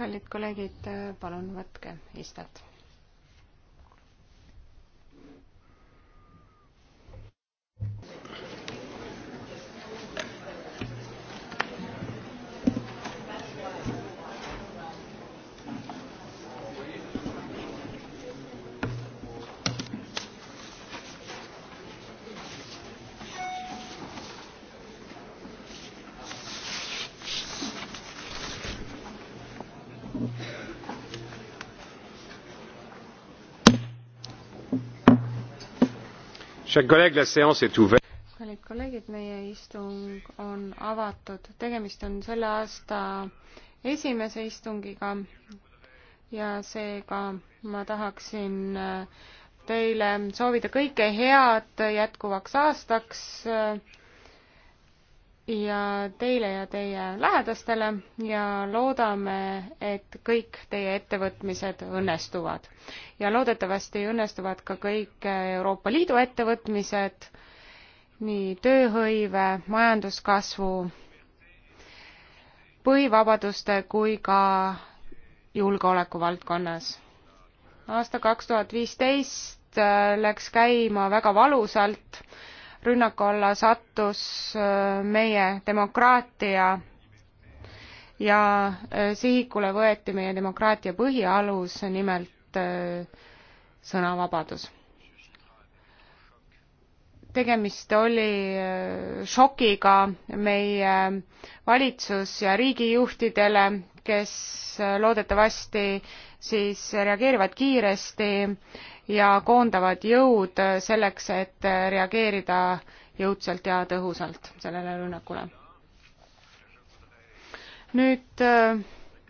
kallid kolleegid, palun võtke istet kallid kolleegid, meie istung on avatud. tegemist on selle aasta esimese istungiga ja seega ma tahaksin äh, teile soovida kõike head jätkuvaks aastaks äh, ja teile ja teie lähedastele ja loodame, et kõik teie ettevõtmised õnnestuvad. ja loodetavasti õnnestuvad ka kõik Euroopa Liidu ettevõtmised, nii tööhõive, majanduskasvu, põhivabaduste kui ka julgeoleku valdkonnas. aasta kaks tuhat viisteist äh, läks käima väga valusalt rünnaku alla sattus äh, meie demokraatia ja äh, sihikule võeti meie demokraatia põhialus, nimelt äh, sõnavabadus. tegemist oli šokiga meie valitsus ja riigijuhtidele, kes loodetavasti siis reageerivad kiiresti ja koondavad jõud selleks, et reageerida jõudsalt ja tõhusalt sellele rünnakule. nüüd äh,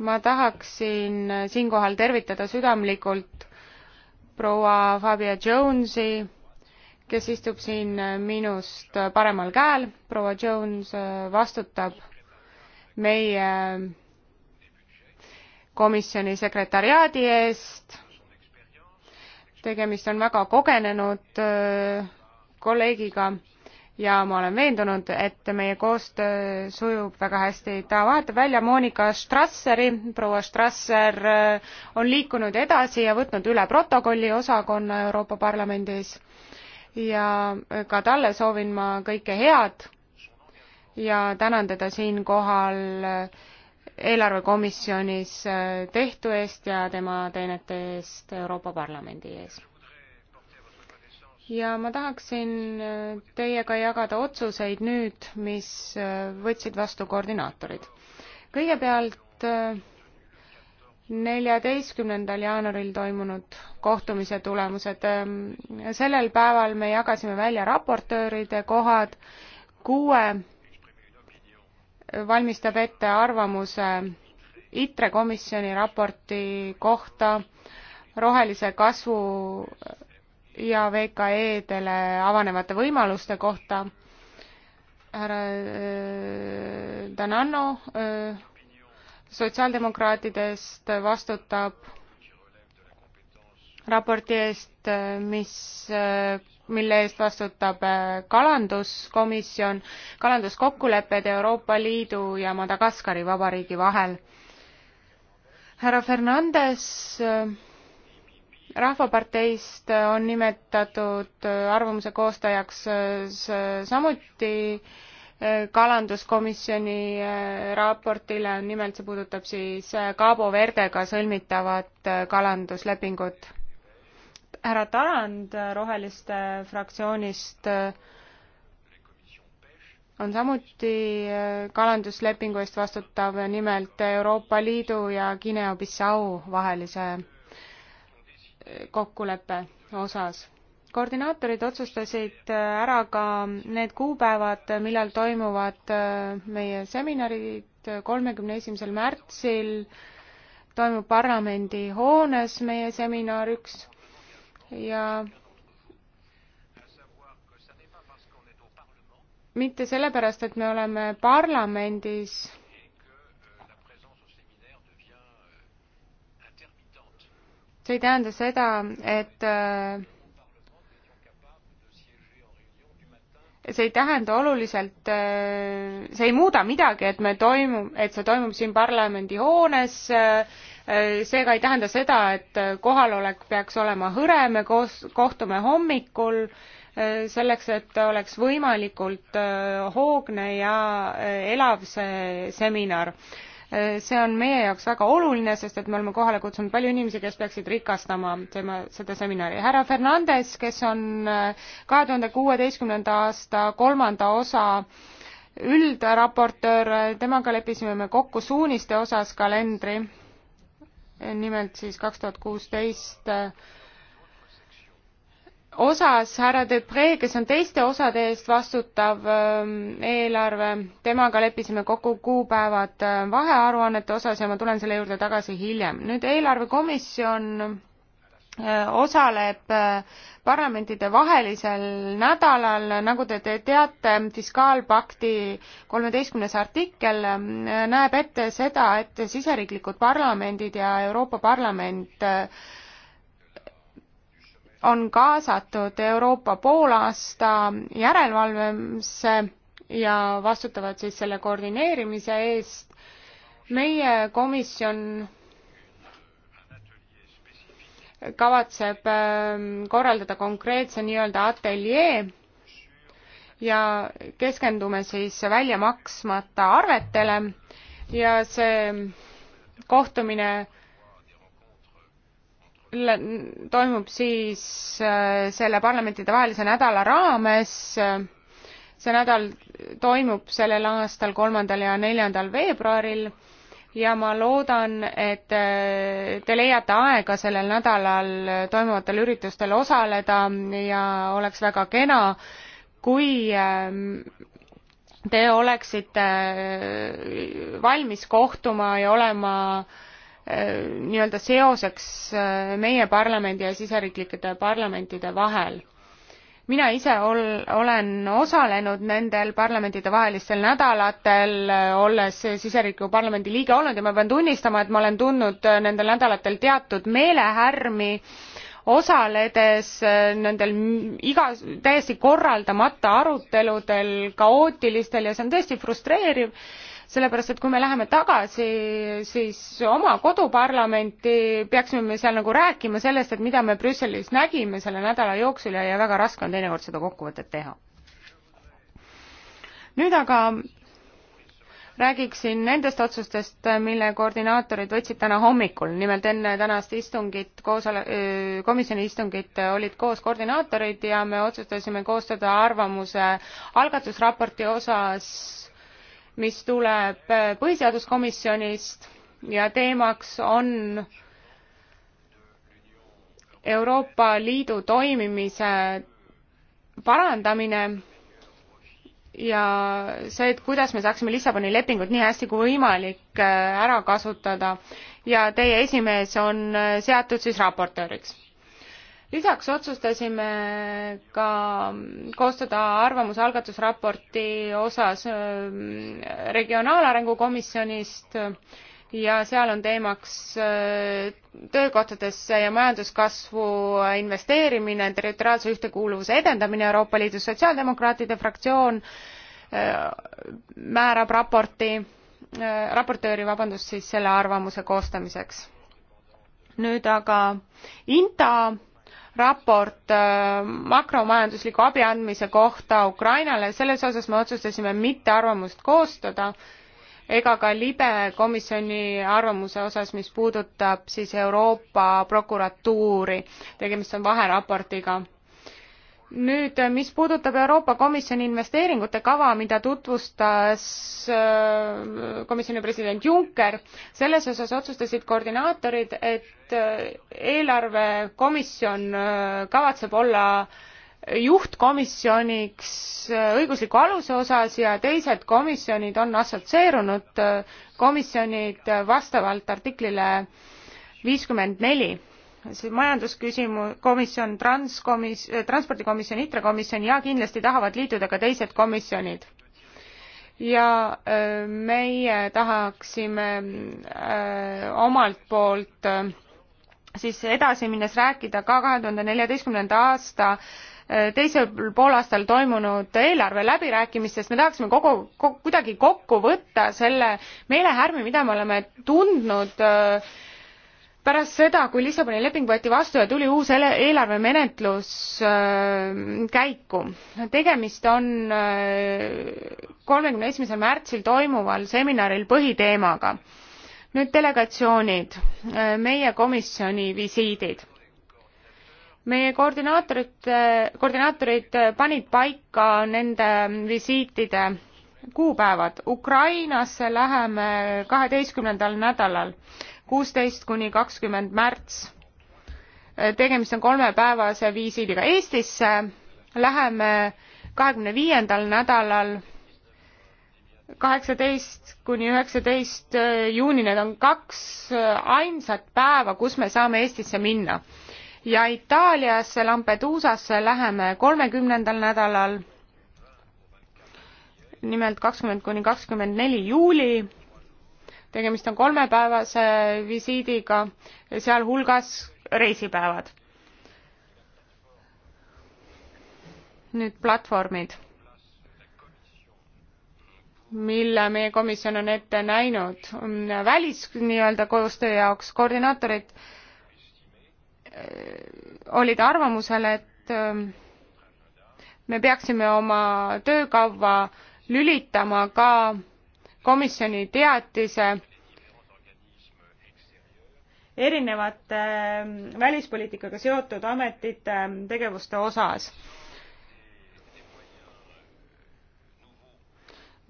ma tahaksin siinkohal tervitada südamlikult proua Fabia Jonesi, kes istub siin minust paremal käel. proua Jones äh, vastutab meie komisjoni sekretariaadi eest. tegemist on väga kogenenud äh, kolleegiga ja ma olen veendunud, et meie koostöö sujub väga hästi. ta vahetab välja Monika Strasseri, proua Strasser äh, on liikunud edasi ja võtnud üle protokolli osakonna Euroopa Parlamendis ja äh, ka talle soovin ma kõike head ja tänan teda siinkohal äh, eelarvekomisjonis äh, tehtu eest ja tema teenete eest Euroopa Parlamendi ees. ja ma tahaksin äh, teiega jagada otsuseid nüüd, mis äh, võtsid vastu koordinaatorid. kõigepealt neljateistkümnendal jaanuaril toimunud kohtumise tulemused. Ähm, sellel päeval me jagasime välja raportööride kohad kuue valmistab ette arvamuse ITRE komisjoni raporti kohta rohelise kasvu ja VKE-dele avanevate võimaluste kohta. härra äh, Danano äh, sotsiaaldemokraatidest vastutab raporti eest, mis, mille eest vastutab äh, kalanduskomisjon, kalanduskokkulepped Euroopa Liidu ja Madagaskari Vabariigi vahel. härra Fernandes äh, Rahvaparteist on nimetatud äh, arvamuse koostajaks samuti kalanduskomisjoni raportile, nimelt see puudutab siis Cabo Verdega sõlmitavat kalanduslepingut härra Tarand Roheliste fraktsioonist äh, on samuti äh, kalanduslepingu eest vastutav, nimelt Euroopa Liidu ja Guinea-Bissau vahelise äh, kokkuleppe osas. koordinaatorid otsustasid ära ka need kuupäevad, millal toimuvad meie seminarid, kolmekümne esimesel märtsil toimub parlamendi hoones meie seminar üks ja mitte sellepärast, et me oleme parlamendis see ei tähenda seda, et see ei tähenda oluliselt, see ei muuda midagi, et me toimu-, et see toimub siin parlamendihoones, seega ei tähenda seda, et kohalolek peaks olema hõre, me koos kohtume hommikul eh, selleks, et oleks võimalikult eh, hoogne ja eh, elav see seminar. see on meie jaoks väga oluline, sest et me oleme kohale kutsunud palju inimesi, kes peaksid rikastama tema, seda seminari. härra Fernandes, kes on kahe tuhande kuueteistkümnenda aasta kolmanda osa üldraportöör, temaga leppisime me kokku suuniste osas kalendri nimelt siis kaks tuhat kuusteist äh, osas härra Depre, kes on teiste osade eest vastutav ähm, eelarve, temaga leppisime kokku kuupäevad äh, vahearuannete osas ja ma tulen selle juurde tagasi hiljem. nüüd eelarvekomisjon Äh, osaleb äh, parlamentide vahelisel nädalal, nagu te, te teate, fiskaalpakti kolmeteistkümnes artikkel äh, näeb ette seda, et siseriiklikud parlamendid ja Euroopa Parlament on kaasatud Euroopa poolaasta järelevalvesse ja vastutavad siis selle koordineerimise eest. meie komisjon kavatseb ähm, korraldada konkreetse nii-öelda ateljee ja keskendume siis välja maksmata arvetele ja see kohtumine toimub siis äh, selle parlamentidevahelise nädala raames. see nädal toimub sellel aastal kolmandal ja neljandal veebruaril ja ma loodan, et äh, te leiate aega sellel nädalal toimuvatel üritustel osaleda ja oleks väga kena, kui äh, te oleksite äh, valmis kohtuma ja olema nii-öelda seoseks meie parlamendi ja siseriiklike parlamentide vahel mina ise ol, olen osalenud nendel parlamentidevahelistel nädalatel, olles siseriikliku parlamendi liige olnud ja ma pean tunnistama, et ma olen tundnud nendel nädalatel teatud meelehärmi, osaledes nendel iga, täiesti korraldamata aruteludel, kaootilistel ja see on tõesti frustreeriv sellepärast et kui me läheme tagasi siis oma koduparlamenti, peaksime me seal nagu rääkima sellest, et mida me Brüsselis nägime selle nädala jooksul ja, ja väga raske on teinekord seda kokkuvõtet teha. nüüd aga räägiksin nendest otsustest, mille koordinaatorid võtsid täna hommikul. nimelt enne tänast istungit, koosole-, komisjoni istungit olid koos koordinaatorid ja me otsustasime koostada arvamuse algatusraporti osas mis tuleb põhiseaduskomisjonist ja teemaks on Euroopa Liidu toimimise parandamine ja see, et kuidas me saaksime Lissaboni lepingut nii hästi kui võimalik äh, ära kasutada ja teie esimees on äh, seatud siis raportööriks lisaks otsustasime ka koostada arvamuse algatusraporti osas äh, Regionaalarengu komisjonist ja seal on teemaks äh, töökohtadesse ja majanduskasvu investeerimine, territoriaalse ühtekuuluvuse edendamine Euroopa Liidus. sotsiaaldemokraatide fraktsioon äh, määrab raporti, raportööri, vabandust, siis selle arvamuse koostamiseks. nüüd aga INTA raport äh, makromajandusliku abi andmise kohta Ukrainale, selles osas me otsustasime mitte arvamust koostada ega ka libe komisjoni arvamuse osas, mis puudutab siis Euroopa prokuratuuri. tegemist on vaheraportiga nüüd, mis puudutab Euroopa Komisjoni investeeringute kava, mida tutvustas äh, komisjoni president Juncker, selles osas otsustasid koordinaatorid, et äh, eelarvekomisjon äh, kavatseb olla juhtkomisjoniks õigusliku aluse osas ja teised komisjonid on assotsieerunud komisjonid vastavalt artiklile viiskümmend neli majanduskomisjon transkomis- äh, transpordikomisjon itre komisjon ja kindlasti tahavad liituda ka teised komisjonid ja äh, meie tahaksime öö, äh, omalt poolt öö, siis edasi minnes rääkida ka kahe tuhande neljateistkümnenda aasta teisel poolaastal toimunud eelarve läbirääkimistest me tahaksime kogu, kogu kuidagi kokku võtta selle meelehärmi mida me oleme tundnud öö, pärast seda, kui Lissaboni leping võeti vastu ja tuli uus eelarvemenetlus äh, käiku, tegemist on äh, kolmekümne esimesel märtsil toimuval seminaril põhiteemaga. nüüd delegatsioonid, äh, meie komisjoni visiidid. meie koordinaatorid, koordinaatorid panid paika nende visiitide kuupäevad. Ukrainasse läheme kaheteistkümnendal nädalal kuusteist kuni kakskümmend märts. tegemist on kolmepäevase visiidiga Eestisse. Läheme kahekümne viiendal nädalal kaheksateist kuni üheksateist juuni, need on kaks ainsat päeva, kus me saame Eestisse minna. ja Itaaliasse, Lampeduusasse läheme kolmekümnendal nädalal, nimelt kakskümmend kuni kakskümmend neli juuli tegemist on kolmepäevase visiidiga, sealhulgas reisipäevad. nüüd platvormid, mille meie komisjon on ette näinud välis nii-öelda koostöö jaoks, koordinaatorid äh, olid arvamusel, et äh, me peaksime oma töökavva lülitama ka komisjoni teatise erinevate ähm, välispoliitikaga seotud ametite ähm, tegevuste osas.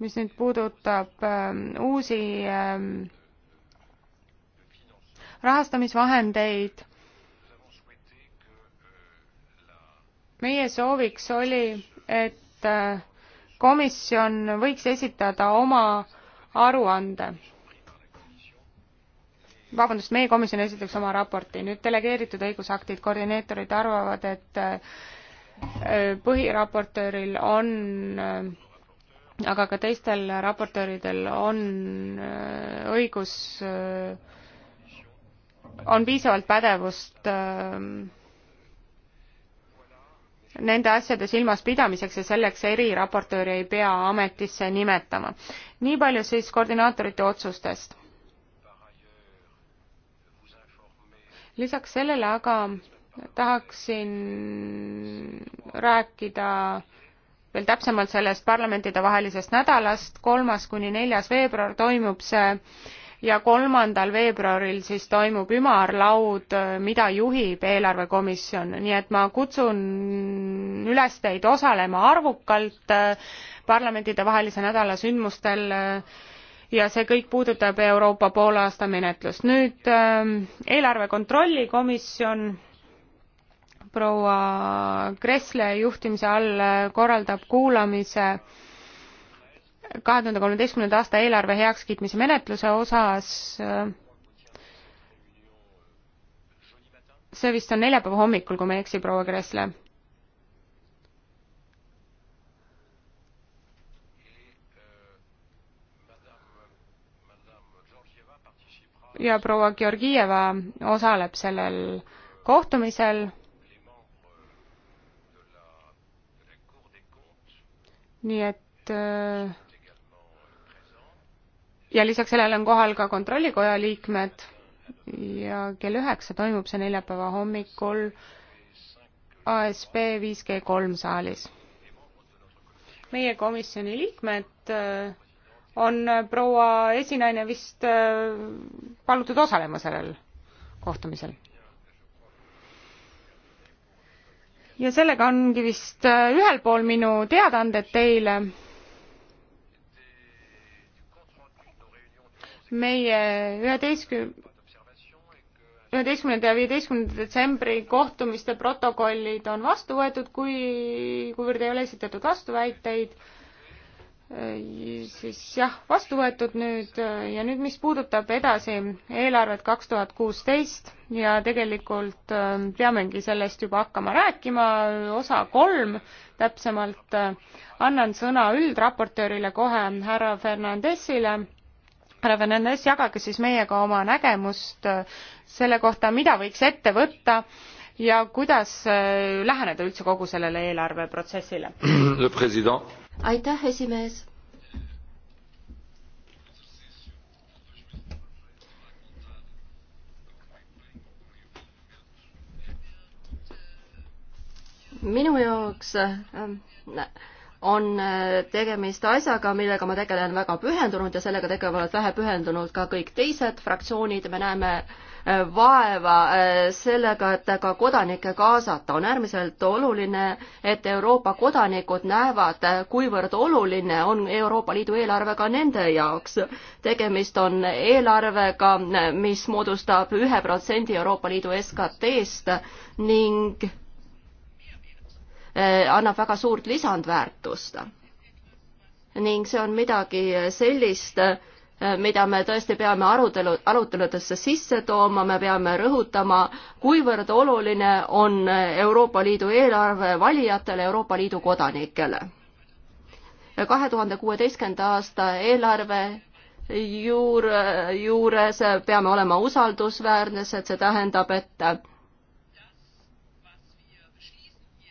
mis nüüd puudutab ähm, uusi rahastamisvahendeid, meie sooviks oli, et äh, komisjon võiks esitada oma äh, aruande. vabandust, meie komisjon esitaks oma raporti, nüüd delegeeritud õigusaktid, koordineetorid arvavad, et äh, põhiraportööril on äh, aga ka teistel raportööridel on äh, õigus, on piisavalt pädevust nende asjade silmaspidamiseks ja selleks eriraportööri ei pea ametisse nimetama. nii palju siis koordinaatorite otsustest. lisaks sellele aga tahaksin rääkida veel täpsemalt sellest parlamentidevahelisest nädalast, kolmas kuni neljas veebruar toimub see ja kolmandal veebruaril siis toimub ümarlaud, mida juhib eelarvekomisjon, nii et ma kutsun üles teid osalema arvukalt äh, parlamentidevahelise nädala sündmustel äh, ja see kõik puudutab Euroopa poolaasta menetlust. nüüd äh, eelarve kontrolli komisjon proua Kressle juhtimise all korraldab kuulamise kahe tuhande kolmeteistkümnenda aasta eelarve heakskiitmise menetluse osas äh, see vist on neljapäeva hommikul, kui ma ei eksi, proua Kressle. ja proua Georgieva osaleb sellel kohtumisel. nii et äh, ja lisaks sellele on kohal ka kontrollikoja liikmed ja kell üheksa toimub see neljapäeva hommikul ASB 5G3 saalis. meie komisjoni liikmed äh, on äh, proua esinaine vist äh, palutud osalema sellel kohtumisel. ja sellega ongi vist ühel pool minu teadaanded teile meie üheteistküm-, üheteistkümnenda ja viieteistkümnenda detsembri kohtumiste protokollid on vastu võetud, kui, kuivõrd ei ole esitatud vastuväiteid, siis jah, vastu võetud nüüd ja nüüd, mis puudutab edasi eelarvet kaks tuhat kuusteist ja tegelikult ähm, peamegi sellest juba hakkama rääkima, osa kolm täpsemalt, äh, annan sõna üldraportöörile kohe, härra Fernandesile härra Fernandes, jagage siis meiega oma nägemust äh, selle kohta, mida võiks ette võtta ja kuidas äh, läheneda üldse kogu sellele eelarveprotsessile. aitäh, esimees. minu jaoks äh, on äh, tegemist asjaga, millega ma tegelen väga pühendunult ja sellega tegelevad vähe pühendunult ka kõik teised fraktsioonid, me näeme äh, vaeva äh, sellega, et ka kodanikke kaasata. on äärmiselt oluline, et Euroopa kodanikud näevad, kuivõrd oluline on Euroopa Liidu eelarve ka nende jaoks. tegemist on eelarvega, mis moodustab ühe protsendi Euroopa Liidu SKT-st ning Eh, annab väga suurt lisandväärtust. ning see on midagi sellist, eh, mida me tõesti peame arutelu, aruteludesse sisse tooma, me peame rõhutama, kuivõrd oluline on Euroopa Liidu eelarve valijatele, Euroopa Liidu kodanikele. kahe tuhande kuueteistkümnenda aasta eelarve juur, juures peame olema usaldusväärnes, et see tähendab, et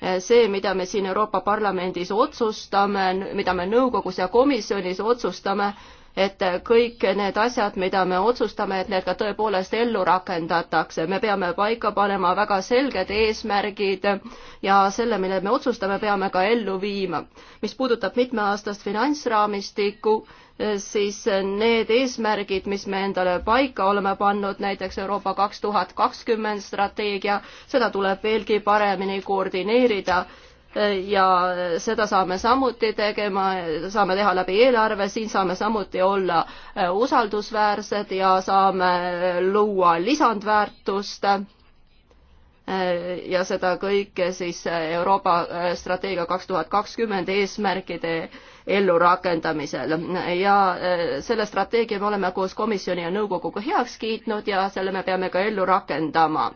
Eh, see, mida me siin Euroopa Parlamendis otsustame, mida me nõukogus ja komisjonis otsustame, et kõik need asjad, mida me otsustame, et need ka tõepoolest ellu rakendatakse. me peame paika panema väga selged eesmärgid ja selle, mille me otsustame, peame ka ellu viima. mis puudutab mitmeaastast finantsraamistikku, siis need eesmärgid, mis me endale paika oleme pannud, näiteks Euroopa kaks tuhat kakskümmend strateegia, seda tuleb veelgi paremini koordineerida ja seda saame samuti tegema, saame teha läbi eelarve, siin saame samuti olla usaldusväärsed ja saame luua lisandväärtust ja seda kõike siis Euroopa strateegia kaks tuhat kakskümmend eesmärkide ellurakendamisel. ja äh, selle strateegia me oleme koos komisjoni ja nõukoguga heaks kiitnud ja selle me peame ka ellu rakendama.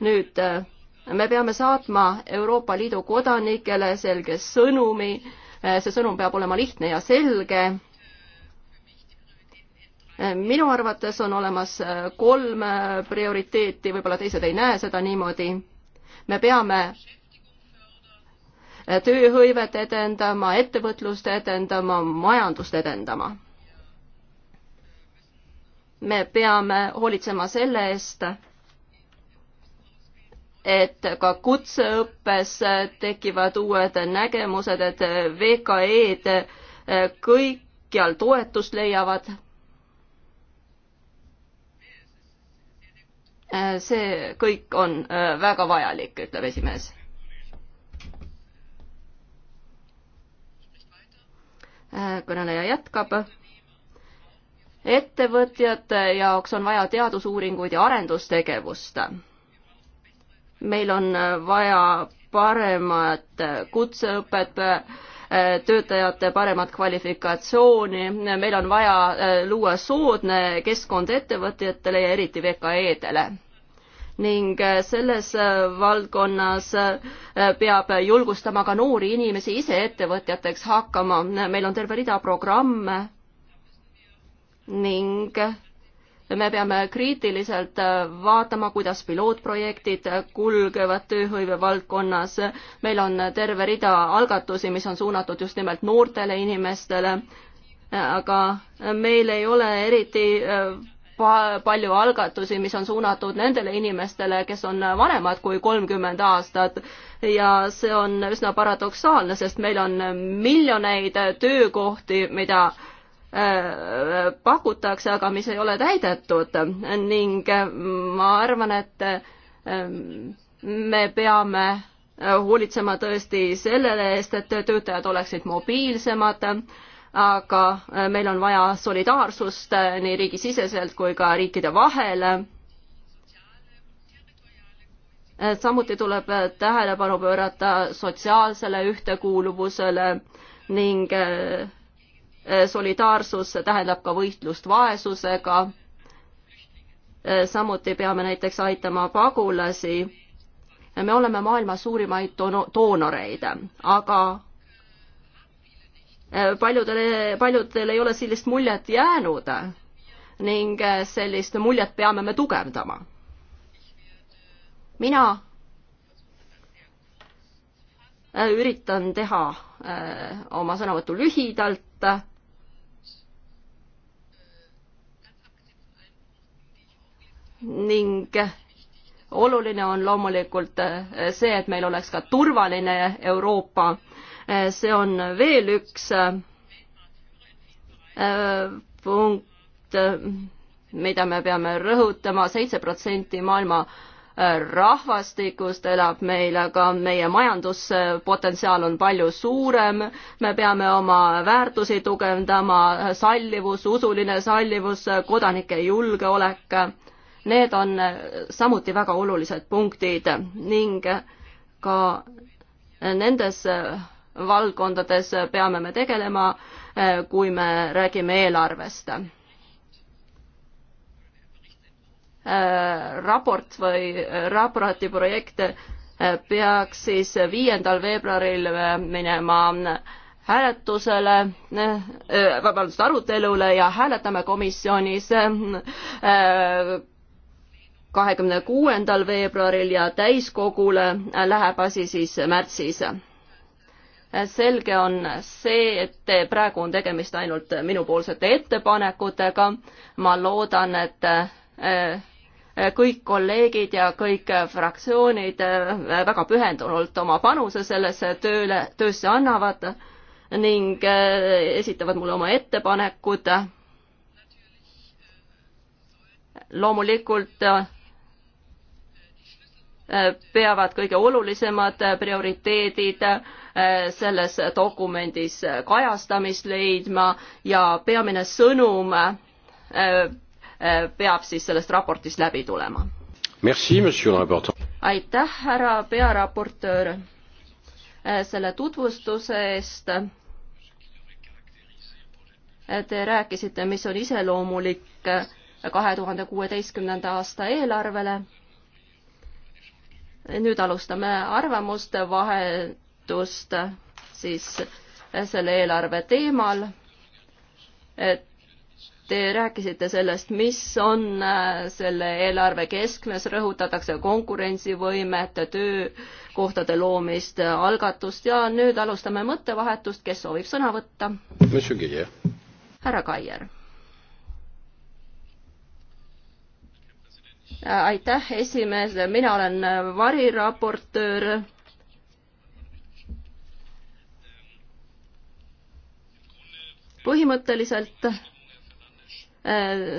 nüüd äh, me peame saatma Euroopa Liidu kodanikele selge sõnumi, äh, see sõnum peab olema lihtne ja selge minu arvates on olemas kolm prioriteeti, võib-olla teised ei näe seda niimoodi. me peame Äh, tööhõivet edendama, ettevõtlust edendama, majandust edendama. me peame hoolitsema selle eest, et ka kutseõppes tekivad uued nägemused, et VKE-d äh, kõikjal toetust leiavad. Äh, see kõik on väga vajalik, ütleb esimees Äh, kõneleja jätkab. ettevõtjate jaoks on vaja teadusuuringuid ja arendustegevust. meil on äh, vaja paremat äh, kutseõpet, töötajate paremat kvalifikatsiooni, meil on vaja luua soodne keskkond ettevõtjatele ja eriti VKE-dele ning äh, selles äh, valdkonnas äh, peab julgustama ka noori inimesi ise ettevõtjateks hakkama. meil on terve rida programme ning me peame kriitiliselt vaatama, kuidas pilootprojektid kulgevad tööhõive valdkonnas. meil on terve rida algatusi, mis on suunatud just nimelt noortele inimestele, aga meil ei ole eriti palju algatusi, mis on suunatud nendele inimestele, kes on vanemad kui kolmkümmend aastat ja see on üsna paradoksaalne, sest meil on miljoneid töökohti, mida äh, pakutakse, aga mis ei ole täidetud ning mm, ma arvan, et ähm, me peame äh, hoolitsema tõesti sellele eest, et töötajad oleksid mobiilsemad aga äh, meil on vaja solidaarsust äh, nii riigisiseselt kui ka riikide vahel. Äh, samuti tuleb tähelepanu pöörata sotsiaalsele ühtekuuluvusele ning solidaarsus tähendab ka võitlust vaesusega. samuti peame näiteks aitama pagulasi me oleme maailma suurimaid doonoreid, aga paljudele, paljudel ei ole sellist muljet jäänud ning sellist muljet peame me tugevdama. mina üritan teha äh, oma sõnavõtu lühidalt. ning oluline on loomulikult äh, see, et meil oleks ka turvaline Euroopa Eh, see on veel üks eh, punkt, eh, mida me peame rõhutama, seitse protsenti maailma rahvastikust elab meil, aga meie majanduspotentsiaal on palju suurem, me peame oma väärtusi tugevdama, sallivus, usuline sallivus, kodanike julgeolek, need on samuti väga olulised punktid ning ka nendes valdkondades peame me tegelema, eh, kui me räägime eelarvest. Eh, raport või eh, raporti projekt peaks siis viiendal veebruaril minema hääletusele, vabandust, arutelule ja hääletame komisjonis kahekümne kuuendal veebruaril ja täiskogule läheb asi siis märtsis selge on see, et praegu on tegemist ainult minupoolsete ettepanekutega. ma loodan, et eh, kõik kolleegid ja kõik fraktsioonid eh, väga pühendunult oma panuse sellesse tööle, töösse annavad ning eh, esitavad mulle oma ettepanekud. loomulikult peavad kõige olulisemad prioriteedid äh, Äh, selles dokumendis kajastamist leidma ja peamine sõnum äh, äh, peab siis sellest raportist läbi tulema. aitäh, härra pearaportöör, selle tutvustuse eest te rääkisite, mis on iseloomulik kahe tuhande kuueteistkümnenda aasta eelarvele. nüüd alustame arvamuste vahe, üritust siis äh, selle eelarve teemal. Te rääkisite sellest, mis on äh, selle eelarve keskmes, rõhutatakse konkurentsivõimet, töökohtade loomist, algatust ja nüüd alustame mõttevahetust, kes soovib sõna võtta? härra Kaier. Äh, aitäh, esimees, mina olen variraportöör põhimõtteliselt äh,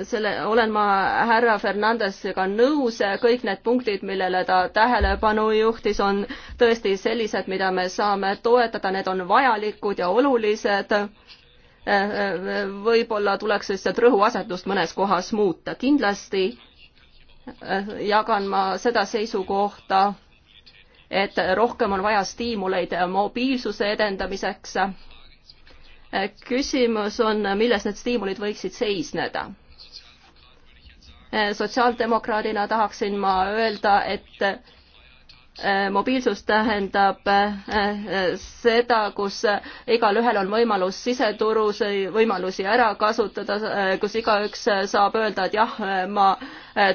selle, olen ma härra Fernandesega nõus, kõik need punktid, millele ta tähelepanu juhtis, on tõesti sellised, mida me saame toetada, need on vajalikud ja olulised. Äh, äh, võib-olla tuleks lihtsalt rõhuasetust mõnes kohas muuta, kindlasti jagan ma seda seisukohta, et rohkem on vaja stiimuleid mobiilsuse edendamiseks küsimus on, milles need stiimulid võiksid seisneda. sotsiaaldemokraadina tahaksin ma öelda, et e, mobiilsus tähendab e, seda, kus igalühel on võimalus siseturus võimalusi ära kasutada, e, kus igaüks saab öelda, et jah, ma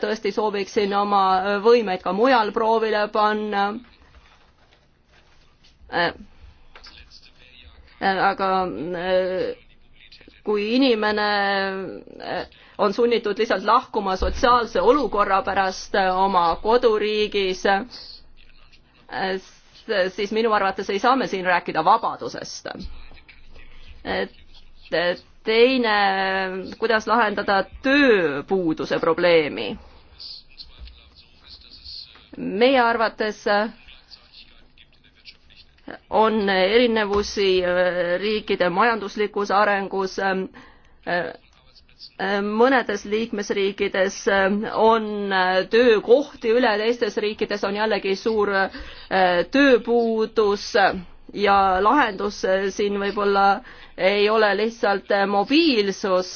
tõesti sooviksin oma võimeid ka mujal proovile panna aga äh, kui inimene äh, on sunnitud lihtsalt lahkuma sotsiaalse olukorra pärast äh, oma koduriigis, siis minu arvates ei saa me siin rääkida vabadusest. teine, kuidas lahendada tööpuuduse probleemi? meie arvates on erinevusi äh, riikide majanduslikus arengus. Äh, äh, mõnedes liikmesriikides on töökohti üle, teistes riikides on jällegi suur tööpuudus ja lahendus siin võib-olla ei ole lihtsalt mobiilsus,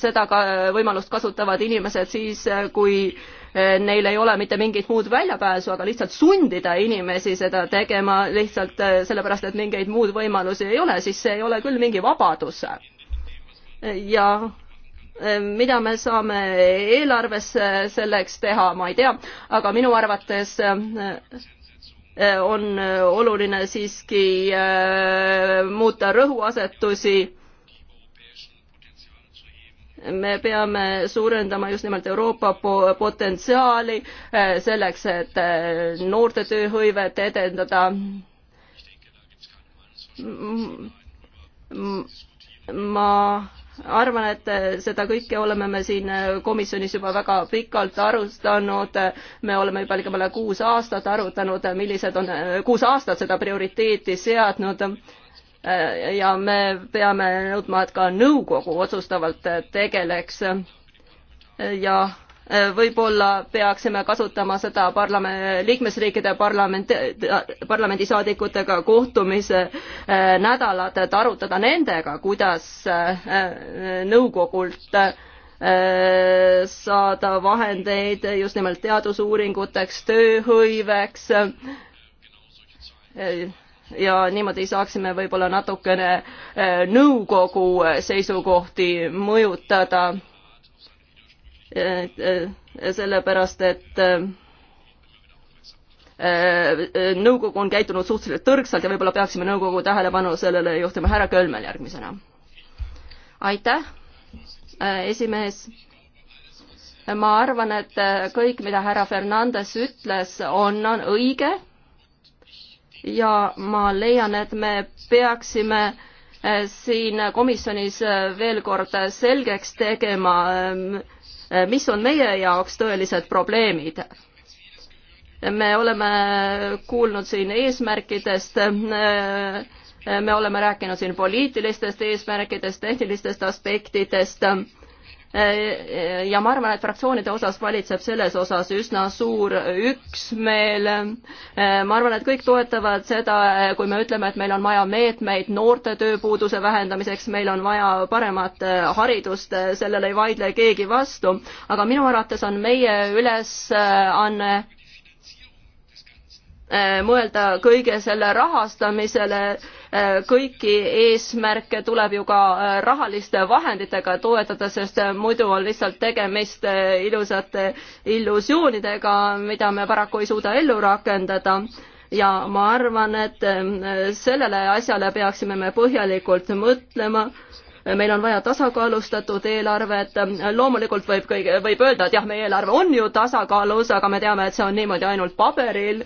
seda ka võimalust kasutavad inimesed siis, kui äh, Eh, neil ei ole mitte mingit muud väljapääsu, aga lihtsalt sundida inimesi seda tegema lihtsalt eh, sellepärast, et mingeid muud võimalusi ei ole, siis see ei ole küll mingi vabadus. Eh, ja mida me saame eelarves selleks teha, ma ei tea, aga minu arvates on oluline siiski muuta rõhuasetusi me peame suurendama just nimelt Euroopa potentsiaali eh, selleks, et eh, noorte tööhõivet edendada. ma arvan, et eh, seda kõike oleme me siin komisjonis juba väga pikalt arutanud. me oleme juba ligemale kuus aastat arutanud, millised on, kuus aastat seda prioriteeti seadnud Äh, ja me peame nõudma, et ka nõukogu otsustavalt äh, tegeleks äh, ja võib-olla peaksime kasutama seda parlament, liikmesriikide parlament, parlamendisaadikutega kohtumise nädalat, et arutada nendega, kuidas nõukogult saada vahendeid just nimelt teadusuuringuteks, tööhõiveks ja niimoodi saaksime võib-olla natukene eh, nõukogu eh, seisukohti mõjutada. Eh, sellepärast, et nõukogu on käitunud suhteliselt tõrgsalt ja võib-olla peaksime nõukogu tähelepanu sellele juhtima. härra Kölmel järgmisena. aitäh, esimees ma arvan, et kõik, mida härra Fernandes ütles, on, on õige ja ma leian, et me peaksime eh, siin komisjonis eh, veel kord selgeks tegema, eh, mis on meie jaoks tõelised probleemid. me oleme kuulnud siin eesmärkidest, me oleme rääkinud siin poliitilistest eesmärkidest, tehnilistest aspektidest Äh, ja ma arvan, et fraktsioonide osas valitseb selles osas üsna suur üksmeel. Äh, ma arvan, et kõik toetavad seda, äh, kui me ütleme, et meil on vaja meetmeid noorte tööpuuduse vähendamiseks, meil on vaja paremat haridust, sellele ei vaidle keegi vastu, aga minu arvates on meie ülesanne mõelda kõige selle rahastamisele Äh, kõiki eesmärke tuleb ju ka äh, rahaliste vahenditega toetada, sest äh, muidu on lihtsalt tegemist ilusate illusioonidega, mida me paraku ei suuda ellu rakendada ja ma arvan, et sellele asjale peaksime me põhjalikult mõtlema meil on vaja tasakaalustatud eelarvet, loomulikult võib kõige, võib öelda, et jah, meie eelarve on ju tasakaalus, aga me teame, et see on niimoodi ainult paberil.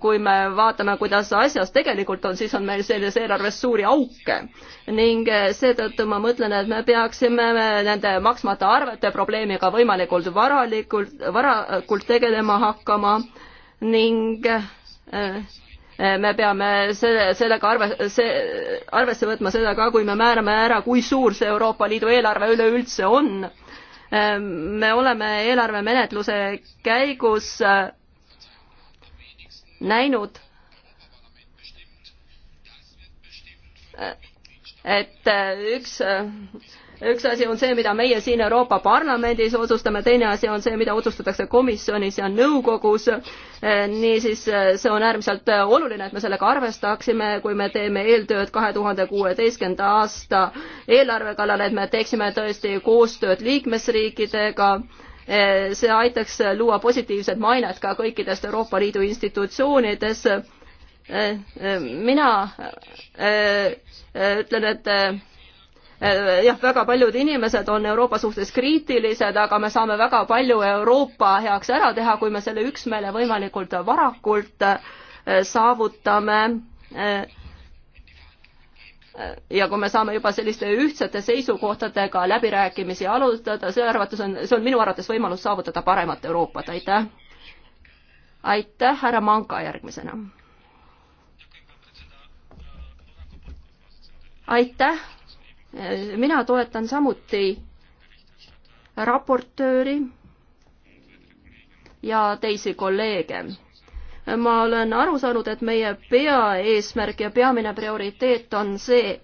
kui me vaatame, kuidas asjas tegelikult on, siis on meil selles eelarves suuri auke ning seetõttu ma mõtlen, et me peaksime nende maksmata arvete probleemiga võimalikult varalikult, varakult tegelema hakkama ning Eh, me peame selle, sellega arve, see, arvesse võtma seda ka, kui me määrame ära, kui suur see Euroopa Liidu eelarve üleüldse on. Eh, me oleme eelarvemenetluse käigus eh, näinud, et üks üks asi on see, mida meie siin Euroopa Parlamendis otsustame, teine asi on see, mida otsustatakse komisjonis ja nõukogus. Eh, niisiis, eh, see on äärmiselt eh, oluline, et me sellega arvestaksime, kui me teeme eeltööd kahe tuhande kuueteistkümnenda aasta eelarve kallal, et me teeksime tõesti koostööd liikmesriikidega see aitaks luua positiivset mainet ka kõikidest Euroopa Liidu institutsioonides mina ütlen, et Eh, jah, väga paljud inimesed on Euroopa suhtes kriitilised, aga me saame väga palju Euroopa heaks ära teha, kui me selle üksmeele võimalikult varakult eh, saavutame. Eh, ja kui me saame juba selliste ühtsete seisukohtadega läbirääkimisi alustada, see arvates on, see on minu arvates võimalus saavutada paremat Euroopat, aitäh. aitäh, härra Manka järgmisena. aitäh mina toetan samuti raportööri ja teisi kolleege. ma olen aru saanud, et meie peaeesmärk ja peamine prioriteet on see,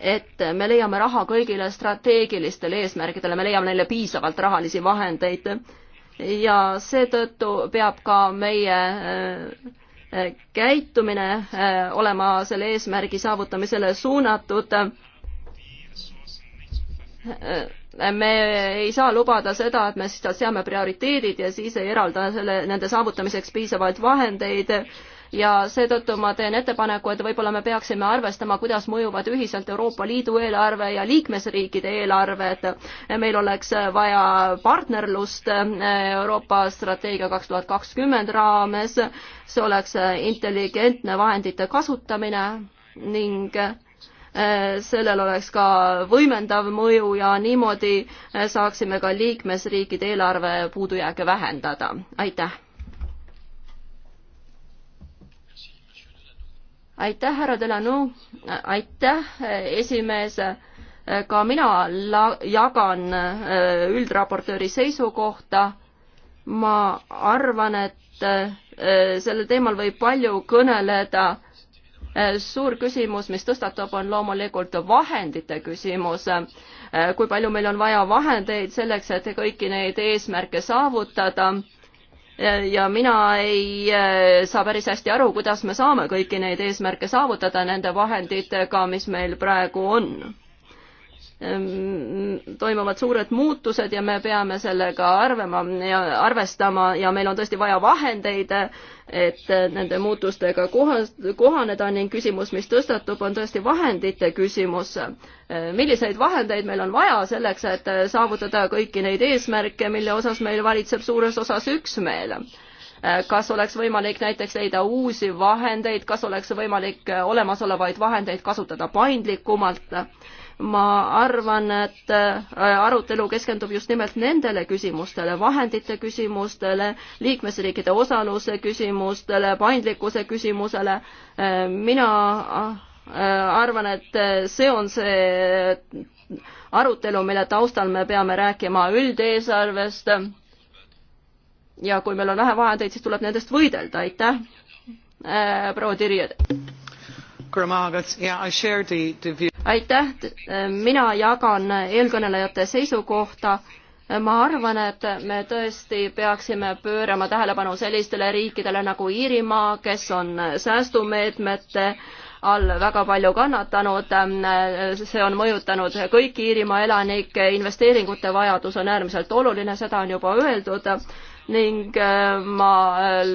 et me leiame raha kõigile strateegilistele eesmärkidele, me leiame neile piisavalt rahalisi vahendeid ja seetõttu peab ka meie äh, äh, käitumine äh, olema selle eesmärgi saavutamisele suunatud me ei saa lubada seda, et me siis seame prioriteedid ja siis ei eralda selle, nende saavutamiseks piisavalt vahendeid ja seetõttu ma teen ettepaneku, et võib-olla me peaksime arvestama, kuidas mõjuvad ühiselt Euroopa Liidu eelarve ja liikmesriikide eelarved. meil oleks vaja partnerlust Euroopa strateegia kaks tuhat kakskümmend raames, see oleks intelligentne vahendite kasutamine ning Eh, sellel oleks ka võimendav mõju ja niimoodi eh, saaksime ka liikmesriikide eelarve puudujääke vähendada. aitäh. aitäh, härra Delanu, aitäh, eh, esimees. ka mina la-, jagan üldraportööri seisukohta. ma arvan, et sellel teemal võib palju kõneleda Äh, suur küsimus, mis tõstatub, on loomulikult vahendite küsimus. Äh, kui palju meil on vaja vahendeid selleks, et kõiki neid eesmärke saavutada äh, ja mina ei saa päris hästi aru, kuidas me saame kõiki neid eesmärke saavutada nende vahenditega, mis meil praegu on. Ehm, toimuvad suured muutused ja me peame sellega arvama ja arvestama ja meil on tõesti vaja vahendeid, et nende muutustega kohas, kohaneda ning küsimus, mis tõstatub, on tõesti vahendite küsimus. Ehm, milliseid vahendeid meil on vaja selleks, et saavutada kõiki neid eesmärke, mille osas meil valitseb suures osas üksmeel? Ehm, kas oleks võimalik näiteks leida uusi vahendeid, kas oleks võimalik olemasolevaid vahendeid kasutada paindlikumalt? ma arvan, et äh, arutelu keskendub just nimelt nendele küsimustele, vahendite küsimustele, liikmesriikide osaluse küsimustele, paindlikkuse küsimusele. Äh, mina äh, arvan, et see on see arutelu, mille taustal me peame rääkima üldeesarvest. ja kui meil on vähe vahendeid, siis tuleb nendest võidelda, aitäh, proua Tirje aitäh, mina jagan eelkõnelejate seisukohta. ma arvan, et me tõesti peaksime pöörama tähelepanu sellistele riikidele nagu Iirimaa, kes on säästumeetmete all väga palju kannatanud. see on mõjutanud kõiki Iirimaa elanikke, investeeringute vajadus on äärmiselt oluline, seda on juba öeldud ning äh, ma äh,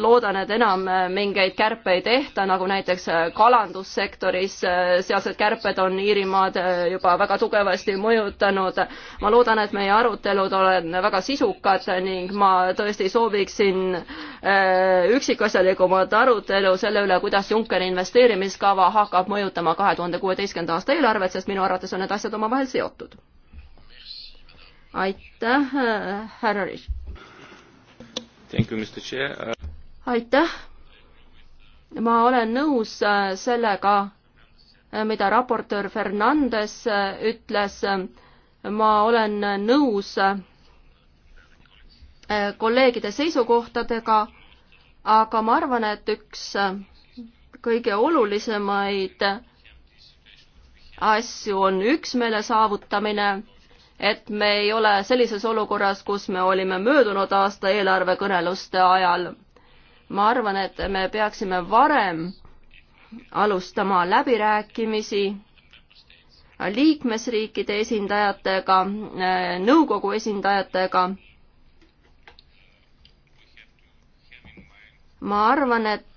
loodan, et enam äh, mingeid kärpeid ei tehta, nagu näiteks kalandussektoris, sealsed kärped on Iirimaad juba väga tugevasti mõjutanud. ma loodan, et meie arutelud on väga sisukad ning ma tõesti sooviksin üksikasjalikumat arutelu selle üle, kuidas Junckeri investeerimiskava hakkab mõjutama kahe tuhande kuueteistkümnenda aasta eelarvet, sest minu arvates on need asjad omavahel seotud. aitäh, härra Riis aitäh. ma olen nõus äh, sellega, äh, mida raportöör Fernandes äh, ütles. ma olen nõus kolleegide seisukohtadega, aga ma arvan, et üks kõige olulisemaid asju on üksmeele saavutamine et me ei ole sellises olukorras, kus me olime möödunud aasta eelarvekõneluste ajal. ma arvan, et me peaksime varem alustama läbirääkimisi liikmesriikide esindajatega, nõukogu esindajatega. ma arvan, et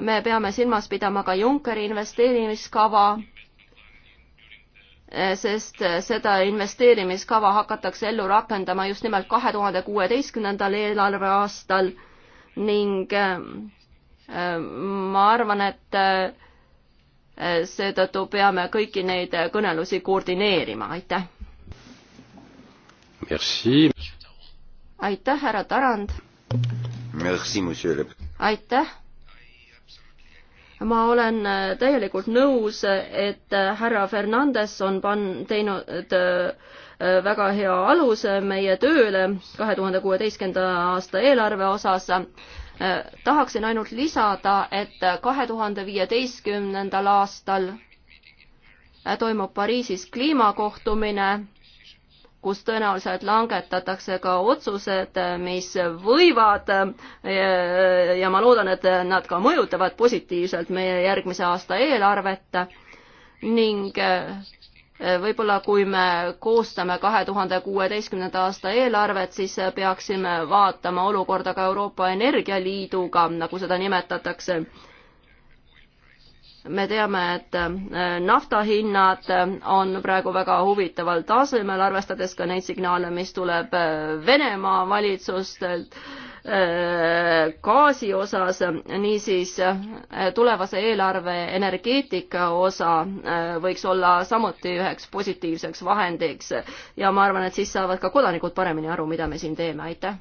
me peame silmas pidama ka Junckeri investeerimiskava Eh, sest eh, seda investeerimiskava hakatakse ellu rakendama just nimelt kahe tuhande kuueteistkümnendal eelarveaastal ning eh, ma arvan, et seetõttu peame kõiki neid kõnelusi koordineerima, aitäh. aitäh, härra Tarand. aitäh ma olen äh, täielikult nõus, et äh, härra Fernandes on pan-, teinud äh, väga hea aluse meie tööle kahe tuhande kuueteistkümnenda aasta eelarve osas. tahaksin ainult lisada, et kahe tuhande viieteistkümnendal aastal toimub Pariisis kliimakohtumine kus tõenäoliselt langetatakse ka otsused, mis võivad ja ma loodan, et nad ka mõjutavad positiivselt meie järgmise aasta eelarvet ning võib-olla kui me koostame kahe tuhande kuueteistkümnenda aasta eelarvet, siis peaksime vaatama olukorda ka Euroopa Energialiiduga, nagu seda nimetatakse me teame, et äh, naftahinnad äh, on praegu väga huvitaval tasemel, arvestades ka neid signaale, mis tuleb äh, Venemaa valitsustelt gaasi osas, niisiis tulevase eelarve energeetika osa võiks olla samuti üheks positiivseks vahendiks ja ma arvan, et siis saavad ka kodanikud paremini aru, mida me siin teeme, aitäh!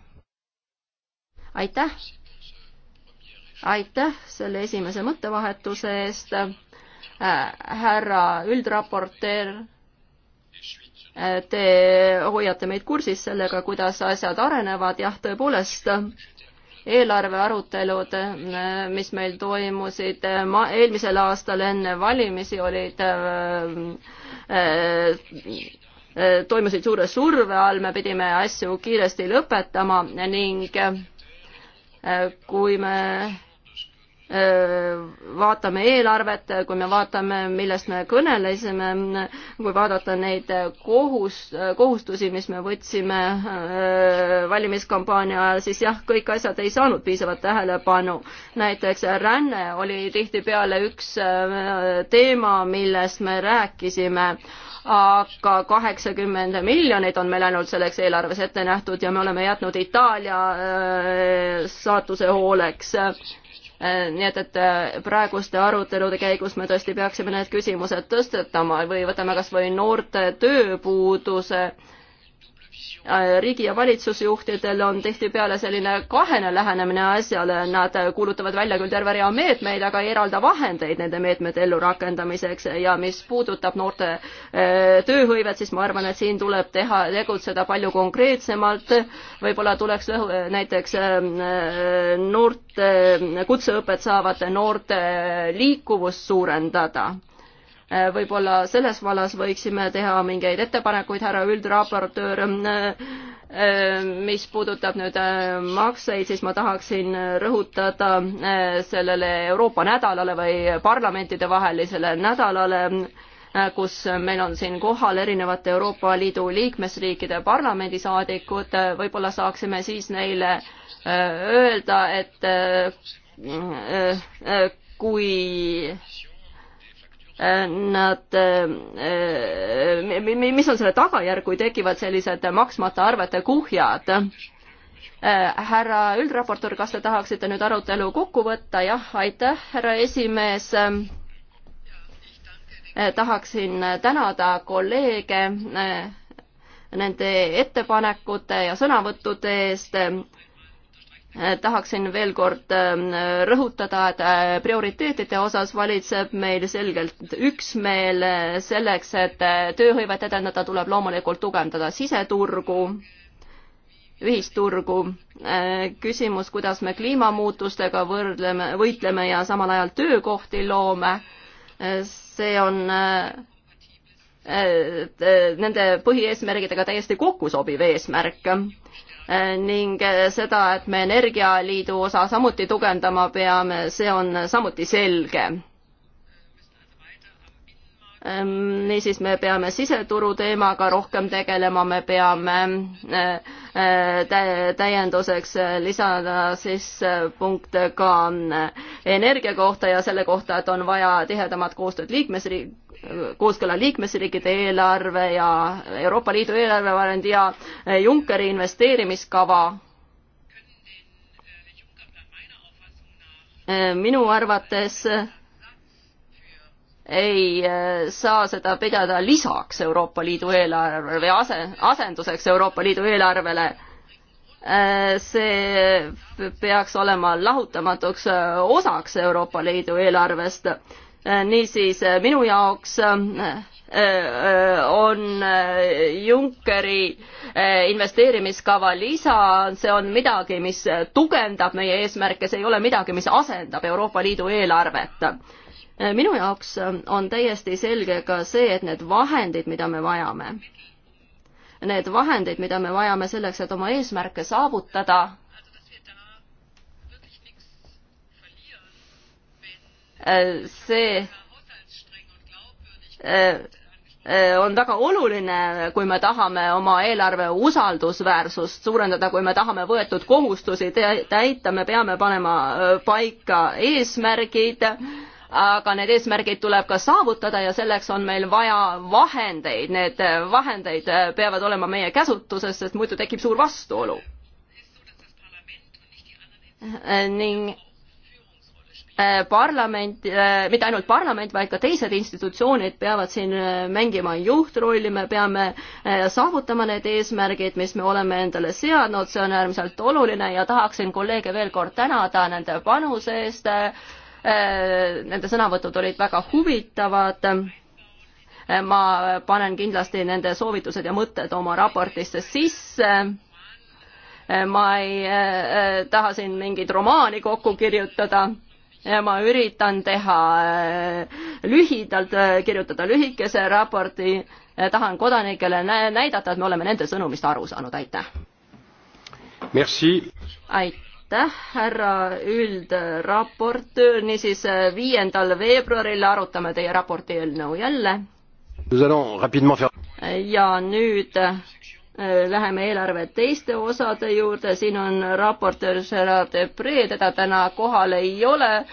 aitäh! aitäh selle esimese mõttevahetuse eest äh,, härra üldraporteer äh,. Te hoiate meid kursis sellega, kuidas asjad arenevad, jah, tõepoolest eelarvearutelud, äh, mis meil toimusid äh, ma, eelmisel aastal enne valimisi, olid äh, äh, toimusid suure surve all, me pidime asju kiiresti lõpetama ning kui me Äh, vaatame eelarvet, kui me vaatame, millest me kõnelesime, kui vaadata neid kohus, kohustusi, mis me võtsime äh, valimiskampaania ajal, siis jah, kõik asjad ei saanud piisavat tähelepanu. näiteks ränne oli tihtipeale üks äh, teema, millest me rääkisime aga kaheksakümmend miljonit on meil ainult selleks eelarves ette nähtud ja me oleme jätnud Itaalia saatuse hooleks Äh, nii et, et äh, praeguste arutelude käigus me tõesti peaksime need küsimused tõstetama või võtame kas või noorte tööpuuduse äh, Äh, riigi- ja valitsusjuhtidel on tihtipeale selline kahene lähenemine asjale, nad äh, kuulutavad välja küll terve rea meetmeid, aga ei eralda vahendeid nende meetmete ellurakendamiseks ja mis puudutab noorte äh, tööhõivet, siis ma arvan, et siin tuleb teha, tegutseda palju konkreetsemalt, võib-olla tuleks näiteks noorte, kutseõpet saavate noorte liikuvust suurendada Äh, võib-olla selles vallas võiksime teha mingeid ettepanekuid, härra üldraportöör, äh, äh, mis puudutab nüüd makseid, siis ma tahaksin rõhutada sellele Euroopa nädalale või parlamentidevahelisele nädalale, kus meil on siin kohal erinevate Euroopa Liidu liikmesriikide parlamendisaadikud, võib-olla saaksime siis neile öelda, et kui nad, eh, mis on selle tagajärg, kui tekivad sellised maksmata arvete kuhjad? Eh, härra üldraportöör, kas te tahaksite nüüd arutelu kokku võtta? jah, aitäh, härra esimees. Eh, tahaksin tänada kolleege nende ettepanekute ja sõnavõttude eest Äh, tahaksin veel kord ähm, rõhutada, et äh, prioriteetide osas valitseb meil selgelt üksmeel äh, selleks, et tööhõivet edendada, tuleb loomulikult tugevdada siseturgu, ühisturgu. küsimus, kuidas me kliimamuutustega võrdleme, võitleme ja samal ajal töökohti loome, see on nende põhieesmärgidega täiesti kokkusobiv eesmärk Äh, ning äh, seda, et me Energialiidu osa samuti tugevdama peame, see on samuti selge. Ähm, niisiis, me peame siseturu teemaga rohkem tegelema, me peame äh, täienduseks lisada siis punkt ka energia kohta ja selle kohta, et on vaja tihedamat koostööd liikmesriik-, kooskõla liikmesriikide eelarve ja Euroopa Liidu eelarvevahend ja eh, Junckeri investeerimiskava. Eh, minu arvates eh, ei saa seda pidada lisaks Euroopa Liidu eelarvele või ase, asenduseks Euroopa Liidu eelarvele see peaks olema lahutamatuks osaks Euroopa Liidu eelarvest. Äh, niisiis äh, minu jaoks äh, on Junckeri investeerimiskava lisa, see on midagi, mis tugevdab meie eesmärke, see ei ole midagi, mis asendab Euroopa Liidu eelarvet. minu jaoks on täiesti selge ka see, et need vahendid, mida me vajame, need vahendid, mida me vajame selleks, et oma eesmärke saavutada, Äh, see äh, äh, on väga oluline, kui me tahame oma eelarve usaldusväärsust suurendada, kui me tahame võetud kohustusi täita, me peame panema paika eesmärgid, aga need eesmärgid tuleb ka saavutada ja selleks on meil vaja vahendeid, need vahendeid peavad olema meie käsutuses, sest muidu tekib suur vastuolu. ning Äh, parlament, äh, mitte ainult parlament, vaid ka teised institutsioonid peavad siin äh, mängima juhtrolli, me peame saavutama need eesmärgid, mis me oleme endale seadnud, see on äärmiselt oluline ja tahaksin kolleege veel kord tänada nende panuse eest. Nende sõnavõtud olid väga huvitavad. ma panen kindlasti nende soovitused ja mõtted oma raportisse sisse ma ei taha siin mingit romaani kokku kirjutada ja ma üritan teha äh, lühidalt, äh, kirjutada lühikese raporti, äh, tahan kodanikele näidata, et me oleme nende sõnumist aru saanud, aitäh. aitäh, härra üldraportöör, niisiis viiendal veebruaril arutame teie raporti eelnõu jälle. ja nüüd Äh, läheme eelarve teiste osade juurde, siin on raportöör Gerard Depree, teda täna kohal ei ole.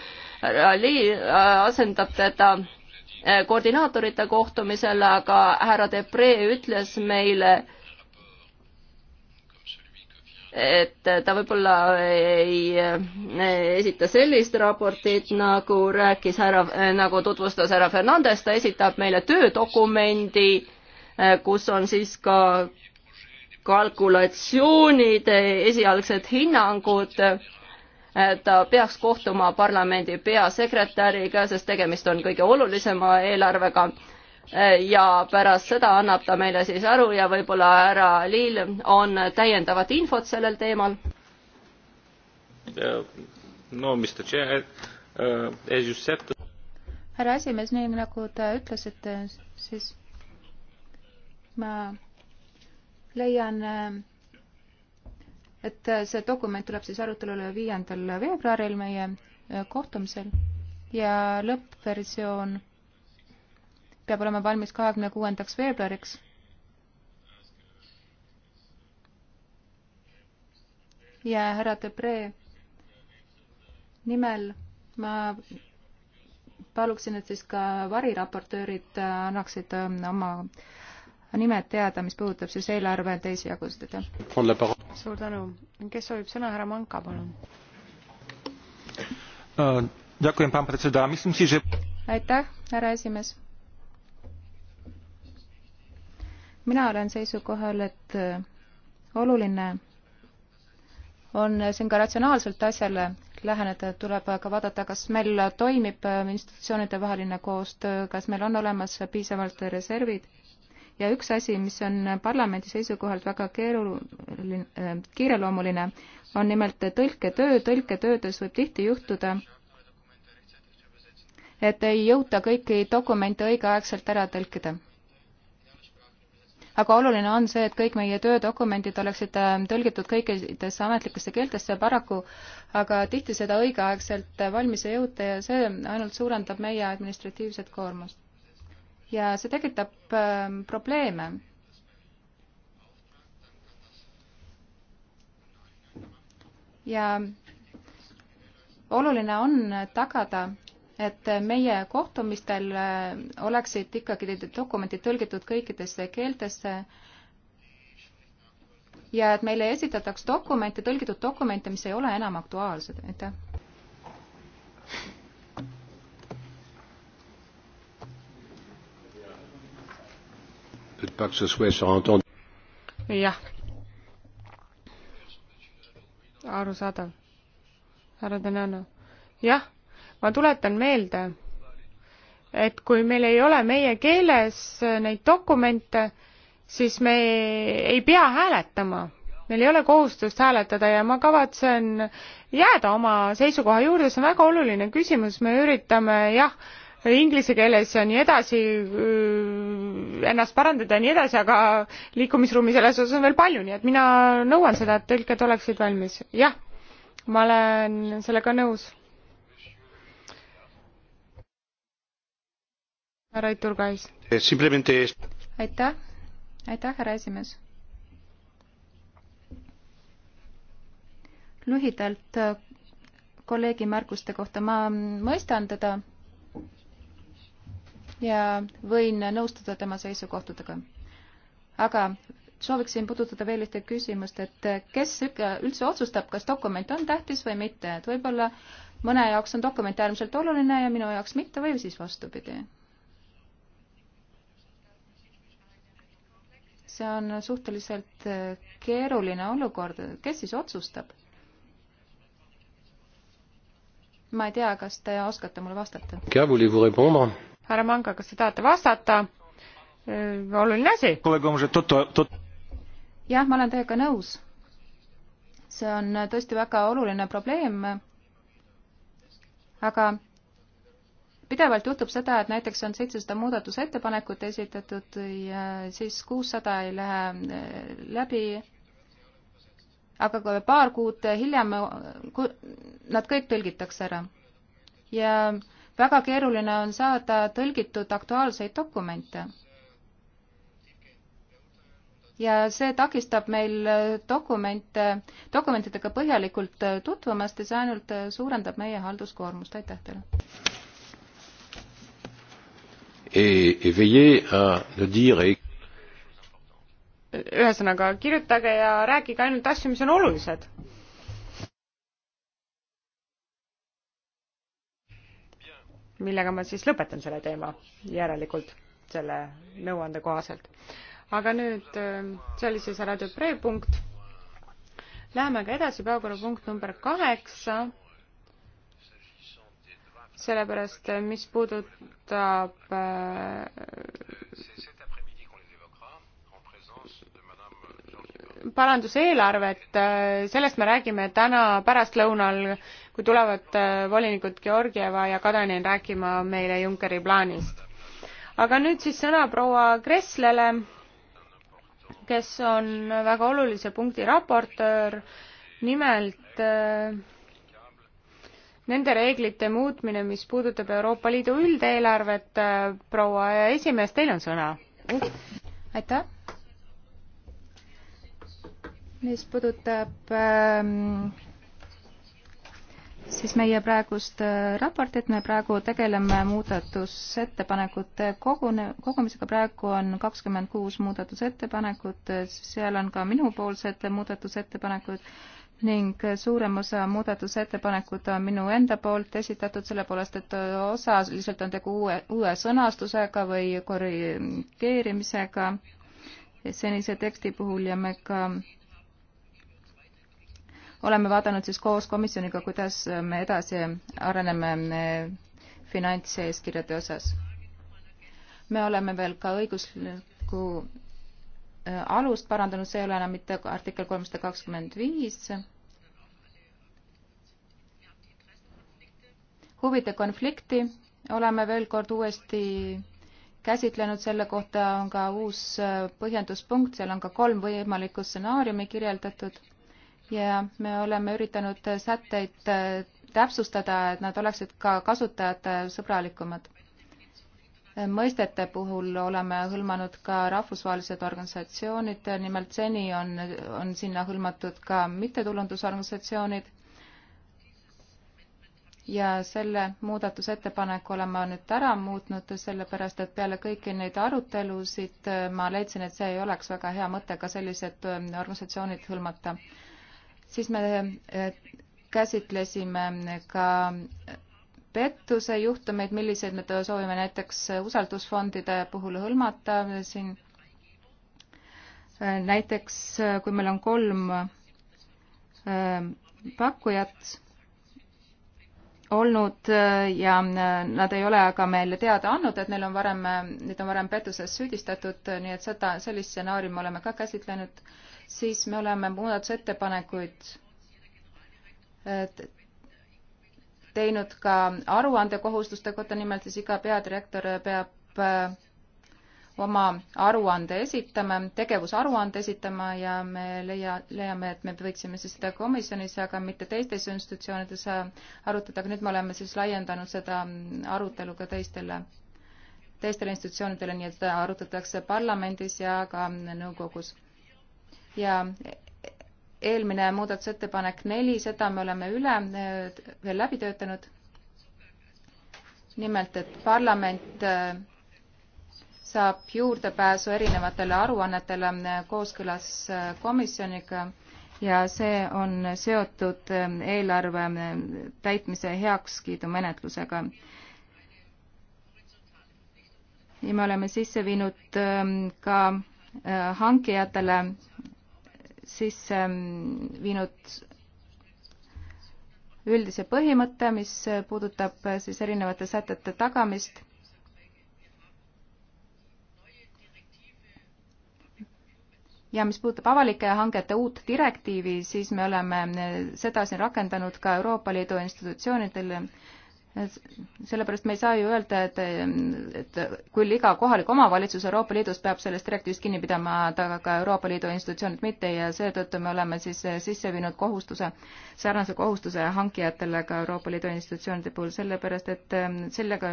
Ali äh, asendab teda äh, koordinaatorite kohtumisel, aga härra Depree ütles meile, et ta võib-olla ei esita sellist raportit, nagu rääkis härra, nagu tutvustas härra Fernandes, ta esitab meile töödokumendi, kus on siis ka kalkulatsioonid, esialgsed hinnangud. ta peaks kohtuma parlamendi peasekretäriga, sest tegemist on kõige olulisema eelarvega ja pärast seda annab ta meile siis aru ja võib-olla härra Liil on täiendavat infot sellel teemal. no mis te tšehhe äh,, Giuseppe. härra esimees, nii nagu te ütlesite, siis ma leian, äh, et see dokument tuleb siis arutelule viiendal veebruaril meie äh, kohtumisel ja lõppversioon peab olema valmis kahekümne kuuendaks veebruariks. ja härra Debre nimel ma paluksin, et siis ka variraportöörid äh, annaksid oma äh, nimed teada, mis puudutab siis eelarve teisi jagusid, aitäh. suur tänu. kes soovib sõna, härra Manka, palun uh,. aitäh, härra esimees. mina olen seisukohal, et äh, oluline on siin ka ratsionaalselt asjale läheneda, tuleb aga vaadata, kas meil toimib äh, institutsioonide vaheline koostöö, kas meil on olemas piisavalt reservid ja üks asi, mis on parlamendi seisukohalt väga keeruline, äh, kiireloomuline, on nimelt tõlketöö, tõlketöödes võib tihti juhtuda, et ei jõuta kõiki dokumente õigeaegselt ära tõlkida. aga oluline on see, et kõik meie töödokumendid oleksid äh, tõlgitud kõikidesse ametlikesse keeltesse paraku, aga tihti seda õigeaegselt valmis ei jõuta ja see ainult suurendab meie administratiivset koormust ja see tekitab ähm, probleeme. ja oluline on tagada, et meie kohtumistel äh, oleksid ikkagi dokumendid tõlgitud kõikidesse keeltesse ja et meile esitataks dokumente, tõlgitud dokumente, mis ei ole enam aktuaalsed, aitäh. pas que ce souhait sera entendu. jah. arusaadav. härra Tänano. jah, ma tuletan meelde, et kui meil ei ole meie keeles neid dokumente, siis me ei pea hääletama meil ei ole kohustust hääletada ja ma kavatsen jääda oma seisukoha juurde, see on väga oluline küsimus, me üritame jah, inglise keeles ja nii edasi, äh, ennast parandada ja nii edasi, aga liikumisruumi selles osas on veel palju, nii et mina nõuan seda, et tõlked oleksid valmis. jah, ma olen sellega nõus. härra Iturgais. Eh, aitäh, aitäh, härra esimees lühidalt äh, kolleegi märkuste kohta. ma mõistan teda ja võin nõustuda tema seisukohtadega. aga sooviksin puudutada veel ühte küsimust, et kes üldse otsustab, kas dokument on tähtis või mitte, et võib-olla mõne jaoks on dokument äärmiselt oluline ja minu jaoks mitte või siis vastupidi. see on suhteliselt keeruline olukord, kes siis otsustab? ma ei tea, kas te oskate mulle vastata? härra Manga, kas te tahate vastata? Äh, oluline asi. jah, ma olen teiega nõus. see on tõesti väga oluline probleem. aga pidevalt juhtub seda, et näiteks on seitsesada muudatusettepanekut esitatud ja siis kuussada ei lähe äh, läbi. aga kui paar kuud hiljem nad kõik tõlgitakse ära ja väga keeruline on saada tõlgitud aktuaalseid dokumente. ja see takistab meil dokumente, dokumentidega põhjalikult tutvumast ja see ainult suurendab meie halduskoormust, aitäh teile! ühesõnaga, kirjutage ja rääkige ainult asju, mis on olulised millega ma siis lõpetan selle teema järelikult selle nõuande kohaselt. aga nüüd, äh, see oli siis härra Dupree punkt. Läheme aga edasi, päevakorrapunkt number kaheksa. sellepärast, äh, mis puudutab äh, paranduseelarvet, sellest me räägime täna pärastlõunal kui tulevad äh, volinikud Georgieva ja Kadanen rääkima meile Junckeri plaanist. aga nüüd siis sõna proua Kresslele, kes on väga olulise punkti raportöör, nimelt äh, nende reeglite muutmine, mis puudutab Euroopa Liidu üldeelarvet. Äh, proua esimees, teil on sõna. aitäh. mis puudutab ähm, siis meie praegust äh, raportit, me praegu tegeleme muudatusettepanekute kogune, kogumisega, praegu on kakskümmend kuus muudatusettepanekut, äh, seal on ka minupoolsed muudatusettepanekud ning äh, suurem osa muudatusettepanekud on minu enda poolt esitatud, sellepärast et osaliselt on tegu uue, uue sõnastusega või korrigeerimisega senise teksti puhul ja me ka oleme vaadanud siis koos komisjoniga, kuidas me edasi areneme finantseeskirjade osas. me oleme veel ka õiguslikku äh, alust parandanud, see ei ole enam mitte artikkel kolmsada kakskümmend viis. huvide konflikti oleme veel kord uuesti käsitlenud, selle kohta on ka uus äh, põhjenduspunkt, seal on ka kolm võimalikku stsenaariumi kirjeldatud ja me oleme üritanud sätteid äh, täpsustada, et nad oleksid ka kasutajate äh, sõbralikumad. Äh, mõistete puhul oleme hõlmanud ka rahvusvahelised organisatsioonid, nimelt seni on, on sinna hõlmatud ka mittetulundusorganisatsioonid ja selle muudatusettepaneku olen ma nüüd ära muutnud, sellepärast et peale kõiki neid arutelusid ma leidsin, et see ei oleks väga hea mõte ka sellised organisatsioonid hõlmata siis me äh, käsitlesime ka pettuse juhtumeid, milliseid me soovime näiteks usaldusfondide puhul hõlmata siin. Äh, näiteks äh, kui meil on kolm pakkujat olnud ja nad ei ole aga meile teada andnud, et neil on varem, neid on varem pettuses süüdistatud, nii et seda, sellist stsenaariumi oleme ka käsitlenud siis me oleme muudatusettepanekuid teinud ka aruandekohustuste kohta, nimelt siis iga peadirektor peab äh, oma aruande esitama, tegevusaruande esitama ja me leia, leiame, et me võiksime siis seda komisjonis, aga mitte teistes institutsioonides äh, arutada, aga nüüd me oleme siis laiendanud seda mm, arutelu ka teistele, teistele institutsioonidele, nii et seda arutatakse parlamendis ja ka mm, nõukogus ja eelmine muudatusettepanek neli, seda me oleme üle äh, veel läbi töötanud. nimelt, et parlament äh, saab juurdepääsu erinevatele aruannetele äh, kooskõlas komisjoniga ja see on seotud eelarve täitmise heakskiidu menetlusega. ja me oleme sisse viinud ka hankijatele sisse ähm, viinud üldise põhimõtte, mis puudutab äh, siis erinevate sätete tagamist. ja mis puudutab avalike hangete uut direktiivi, siis me oleme äh, seda siin rakendanud ka Euroopa Liidu institutsioonidele sellepärast me ei saa ju öelda, et, et küll iga kohalik omavalitsus Euroopa Liidus peab sellest direktiivist kinni pidama, aga ka Euroopa Liidu institutsioonid mitte ja seetõttu me oleme siis sisse viinud kohustuse, sarnase kohustuse hankijatele ka Euroopa Liidu institutsioonide puhul, sellepärast et ähm, sellega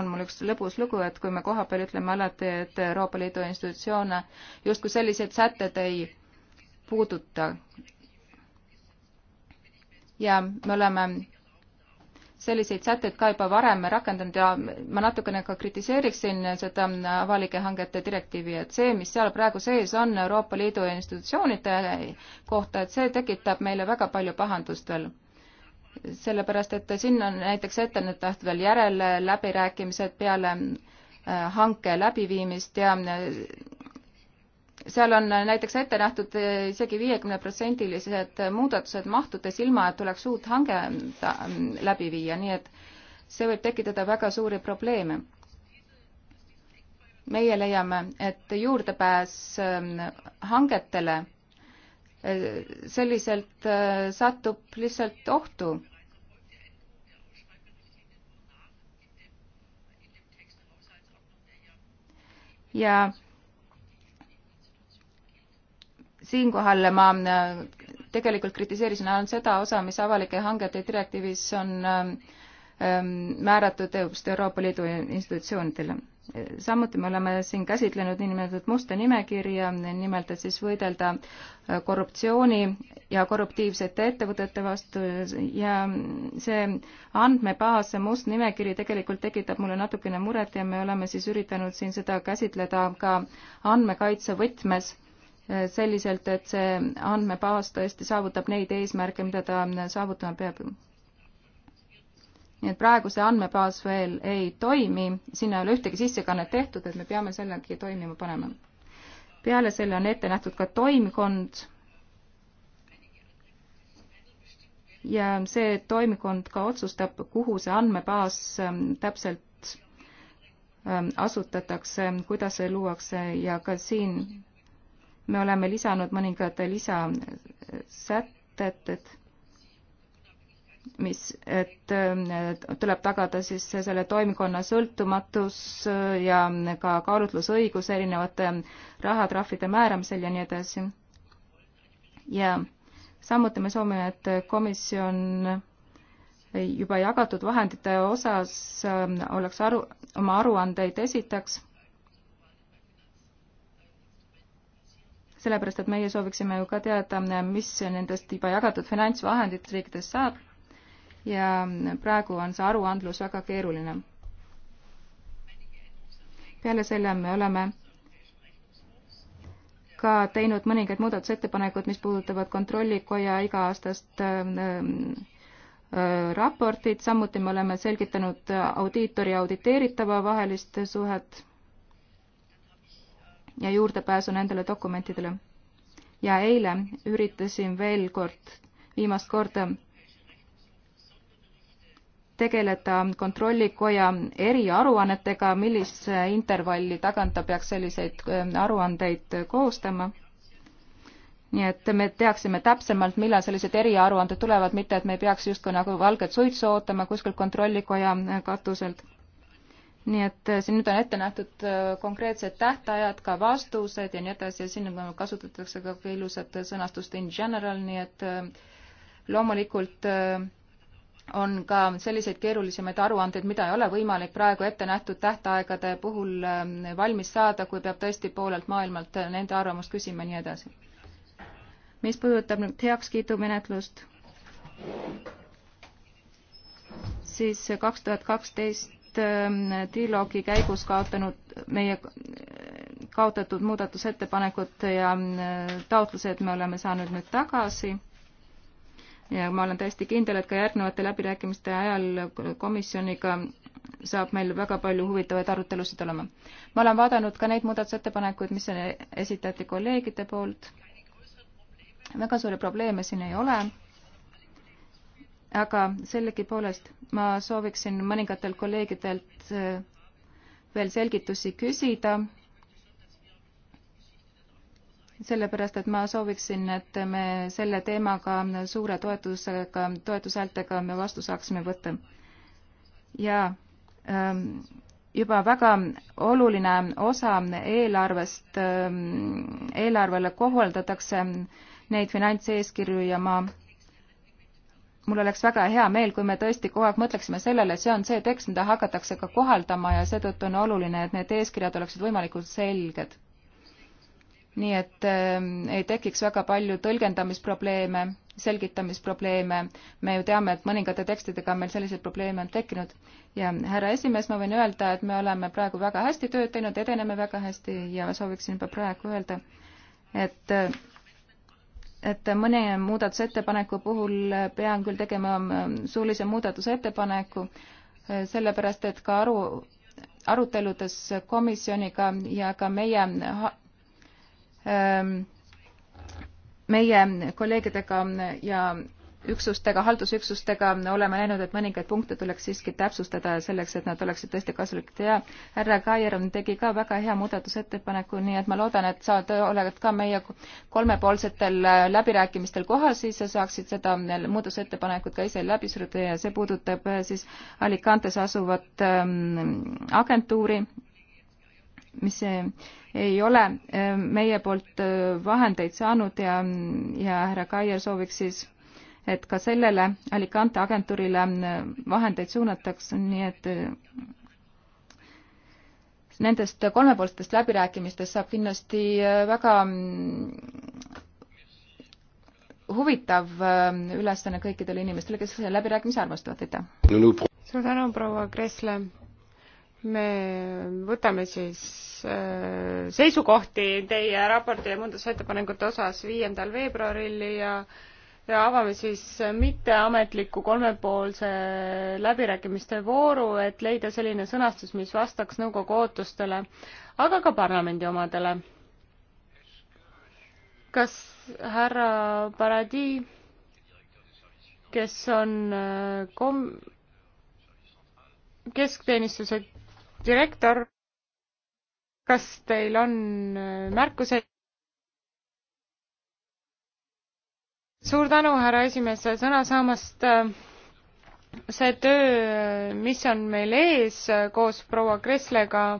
on mul üks lõbus lugu, et kui me kohapeal ütleme alati, et Euroopa Liidu institutsioone justkui sellised sätted ei puuduta. ja me oleme selliseid sätteid ka juba varem rakendanud ja ma natukene ka kritiseeriksin seda avalike hangete direktiivi, et see, mis seal praegu sees on Euroopa Liidu institutsioonide kohta, et see tekitab meile väga palju pahandust veel. sellepärast, et siin on näiteks ette nüüd tahtud veel järelläbirääkimised peale äh, hanke läbiviimist ja seal on näiteks ette nähtud eh, isegi viiekümneprotsendilised muudatused mahtudes, ilma et tuleks uut hange mm, läbi viia, nii et see võib tekitada väga suuri probleeme. meie leiame, et juurdepääs mm, hangetele eh, selliselt eh, satub lihtsalt ohtu. ja siinkohal ma äh, tegelikult kritiseerisin ainult seda osa, mis avalike hangete direktiivis on äh, ähm, määratud just Euroopa Liidu institutsioonidele. samuti me oleme siin käsitlenud niinimetatud musta nimekirja, nimelt et siis võidelda äh, korruptsiooni ja korruptiivsete ettevõtete vastu ja see andmebaas, see must nimekiri tegelikult tekitab mulle natukene muret ja me oleme siis üritanud siin seda käsitleda ka andmekaitse võtmes selliselt, et see andmebaas tõesti saavutab neid eesmärke, mida ta saavutama peab. nii et praegu see andmebaas veel ei toimi, sinna ei ole ühtegi sissekannet tehtud, et me peame sellegi toimima panema. peale selle on ette nähtud ka toimkond ja see toimkond ka otsustab, kuhu see andmebaas ähm, täpselt ähm, asutatakse, kuidas see luuakse ja ka siin me oleme lisanud mõningad lisasätted, et mis, et tuleb tagada siis selle toimkonna sõltumatus ja ka kaalutlusõigus erinevate rahatrahvide määramisel ja nii edasi. ja samuti me soovime, et komisjon juba jagatud vahendite osas oleks aru, oma aruandeid esitaks sellepärast et meie sooviksime ju ka teada, mis nendest juba jagatud finantsvahenditest riikides saab ja praegu on see aruandlus väga keeruline. peale selle me oleme ka teinud mõningaid muudatusettepanekud, mis puudutavad Kontrollikoja iga-aastast ähm, äh, raportit, samuti me oleme selgitanud audiitori ja auditeeritava vahelist suhet ja juurdepääsu nendele dokumentidele. ja eile üritasin veel kord, viimast korda tegeleda Kontrollikoja eriaruannetega, millise intervalli tagant ta peaks selliseid ähm, aruandeid koostama. nii et me teaksime täpsemalt, millal sellised eriaruanded tulevad, mitte et me ei peaks justkui nagu valget suitsu ootama kuskilt Kontrollikoja äh, katuselt nii et äh, siin nüüd on ette nähtud äh, konkreetsed tähtajad, ka vastused ja nii edasi ja siin kasutatakse ka ilusat sõnastust in general, nii et äh, loomulikult on ka selliseid keerulisemaid aruandeid, mida ei ole võimalik praegu ette nähtud tähtaegade puhul valmis saada, kui peab tõesti poolelt maailmalt nende arvamust küsima ja nii edasi. mis puudutab nüüd heakskiidumenetlust, siis kaks tuhat kaksteist need ähm, dialoogi käigus kaotanud, meie kaotatud muudatusettepanekud ja äh, taotlused me oleme saanud nüüd tagasi. ja ma olen täiesti kindel, et ka järgnevate läbirääkimiste ajal komisjoniga saab meil väga palju huvitavaid arutelusid olema. ma olen vaadanud ka neid muudatusettepanekuid, mis esitati kolleegide poolt. väga suuri probleeme siin ei ole aga sellegipoolest ma sooviksin mõningatelt kolleegidelt äh, veel selgitusi küsida, sellepärast et ma sooviksin, et me selle teemaga suure toetusega, toetushäältega vastu saaksime võtta. ja ähm, juba väga oluline osa eelarvest, ähm, eelarvele kohaldatakse neid finantseeskirju ja ma mul oleks väga hea meel, kui me tõesti kogu aeg mõtleksime sellele, et see on see tekst, mida hakatakse ka kohaldama ja seetõttu on oluline, et need eeskirjad oleksid võimalikult selged. nii et äh, ei tekiks väga palju tõlgendamisprobleeme, selgitamisprobleeme, me ju teame, et mõningate tekstidega meil selliseid probleeme on tekkinud ja härra esimees, ma võin öelda, et me oleme praegu väga hästi tööd teinud, edeneme väga hästi ja sooviksin juba praegu öelda, et äh, et mõne muudatusettepaneku puhul pean küll tegema mm, suulise muudatusettepaneku, eh, sellepärast et ka aru, aruteludes komisjoniga ja ka meie ehm, meie kolleegidega ja üksustega, haldusüksustega oleme näinud, et mõningaid punkte tuleks siiski täpsustada selleks, et nad oleksid tõesti kasulikud ja härra Kaier tegi ka väga hea muudatusettepaneku, nii et ma loodan, et sa oled ka meie kolmepoolsetel läbirääkimistel kohal, siis sa saaksid seda muudatusettepanekut ka ise läbi suruda ja see puudutab äh, siis Alicantes asuvat ähm, agentuuri, mis äh, ei ole äh, meie poolt vahendeid saanud ja, ja härra Kaier sooviks siis et ka sellele Alicante agentuurile äh, vahendeid suunatakse, nii et äh, nendest kolmepoolsetest läbirääkimistest saab kindlasti äh, väga mm, huvitav ülesanne kõikidele inimestele, kes läbirääkimisi armastavad, aitäh! suur tänu, proua Kressle! me võtame siis seisukohti teie raporti ja muudatusettepanekute osas viiendal veebruaril ja ja avame siis mitteametliku kolmepoolse läbirääkimiste vooru, et leida selline sõnastus, mis vastaks nõukogu ootustele, aga ka parlamendi omadele. kas härra Paradis, kes on äh, kom-, keskteenistuse direktor, kas teil on äh, märkuseid? suur tänu, härra esimees, sõna saamast. Äh, see töö, äh, mis on meil ees äh, koos proua Kreslega,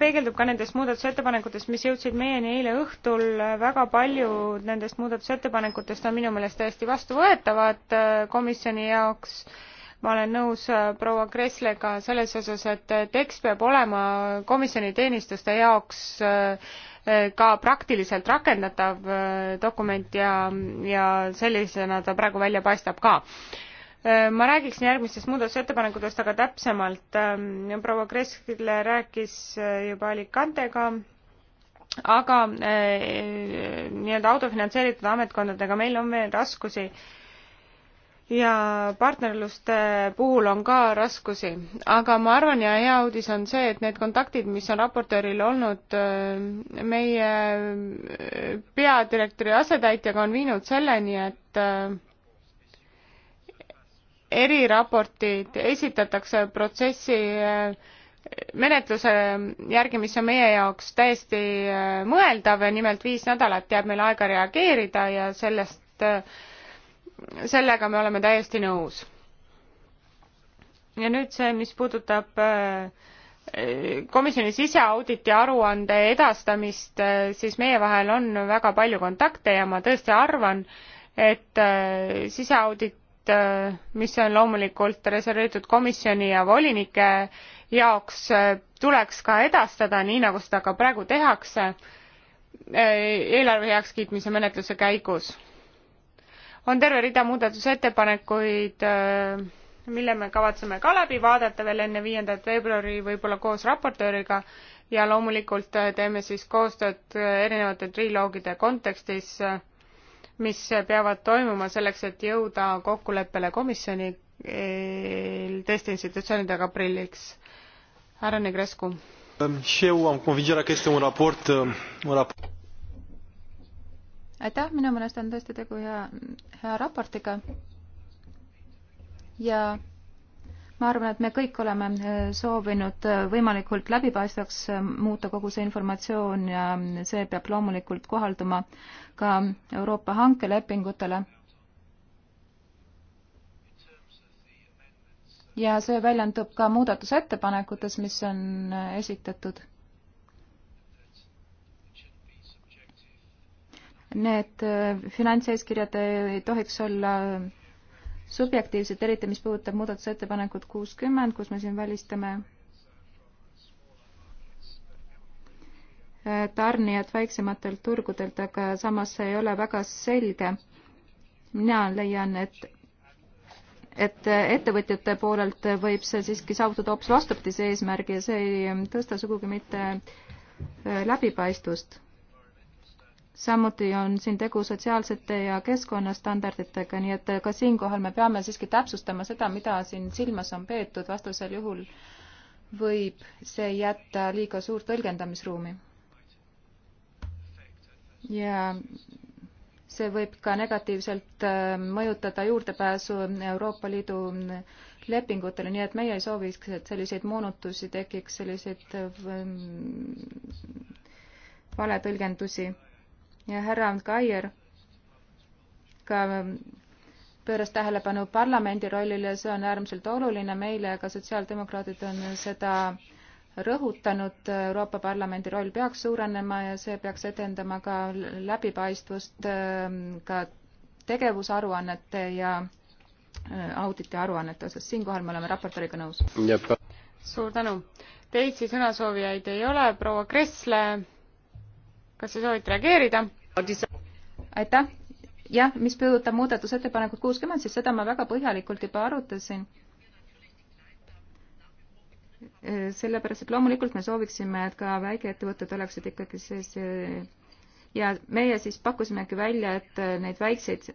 peegeldub ka nendes muudatusettepanekutes, mis jõudsid meieni eile õhtul, väga paljud nendest muudatusettepanekutest on minu meelest täiesti vastuvõetavad komisjoni jaoks. ma olen nõus proua Kreslega selles osas, et tekst peab olema komisjoni teenistuste jaoks äh, ka praktiliselt rakendatav äh, dokument ja, ja sellisena ta praegu välja paistab ka äh, ma räägiksin järgmistest muudatusettepanekutest aga täpsemalt ähm, proua Kreskile rääkis äh, juba Alicantega aga nii-öelda autofinantseeritud ametkondadega meil on veel raskusi äh, ja partnerluste puhul on ka raskusi, aga ma arvan ja hea uudis on see, et need kontaktid, mis on raportööril olnud äh, meie äh, peadirektori asetäitjaga, on viinud selleni, et äh, eriraportid esitatakse protsessi menetluse järgi, mis on meie jaoks täiesti mõeldav, nimelt viis nädalat jääb meil aega reageerida ja sellest sellega me oleme täiesti nõus. ja nüüd see, mis puudutab äh, komisjoni siseauditi aruande edastamist, äh, siis meie vahel on väga palju kontakte ja ma tõesti arvan, et äh, siseaudit, mis on loomulikult reserveeritud komisjoni ja volinike jaoks, tuleks ka edastada, nii nagu seda ka praegu tehakse, eelarve heakskiitmise menetluse käigus on terve rida muudatusettepanekuid, äh, mille me kavatseme ka läbi vaadata veel enne viiendat veebruari, võib-olla koos raportööriga, ja loomulikult äh, teeme siis koostööd äh, erinevate triloogide kontekstis, mis peavad toimuma selleks, et jõuda kokkuleppele komisjoni teiste institutsioonidega aprilliks. härra Negrescu. Um, și eu am convingerea că este un raport, um, un raport aitäh, minu meelest on tõesti tegu hea, hea raportiga. ja ma arvan, et me kõik oleme äh, soovinud äh, võimalikult läbipaistvaks äh, muuta kogu see informatsioon ja see peab loomulikult kohalduma ka Euroopa hankelepingutele. ja see väljendub ka muudatusettepanekutes, mis on esitatud need äh, finantseeskirjad ei tohiks olla subjektiivsed, eriti mis puudutab muudatusettepanekut kuuskümmend, kus me siin välistame äh, tarnijad väiksematelt turgudelt, aga samas see ei ole väga selge. mina leian, et et ettevõtjate poolelt võib see siiski saavutada hoopis vastupidise eesmärgi ja see ei tõsta sugugi mitte äh, läbipaistvust samuti on siin tegu sotsiaalsete ja keskkonnastandarditega, nii et ka siinkohal me peame siiski täpsustama seda, mida siin silmas on peetud, vastasel juhul võib see jätta liiga suurt tõlgendamisruumi. ja see võib ka negatiivselt äh, mõjutada juurdepääsu Euroopa Liidu lepingutele, nii et meie ei sooviks, et selliseid moonutusi tekiks, selliseid äh, valetõlgendusi ja härra Kaier ka pööras tähelepanu parlamendi rollile, see on äärmiselt oluline meile, ka sotsiaaldemokraadid on seda rõhutanud, Euroopa Parlamendi roll peaks suurenema ja see peaks edendama ka läbipaistvust, ka tegevusaruannete ja äh, auditi aruannete osas, siinkohal me oleme raportööriga nõus. suur tänu. teisi sõnasoovijaid ei ole, proua Kressle kas sa soovid reageerida? aitäh. jah, mis puudutab muudatusettepanekut kuuskümmend, siis seda ma väga põhjalikult juba arutasin. sellepärast, et loomulikult me sooviksime, et ka väikeettevõtted oleksid ikkagi sees ja meie siis pakkusimegi välja, et neid väikseid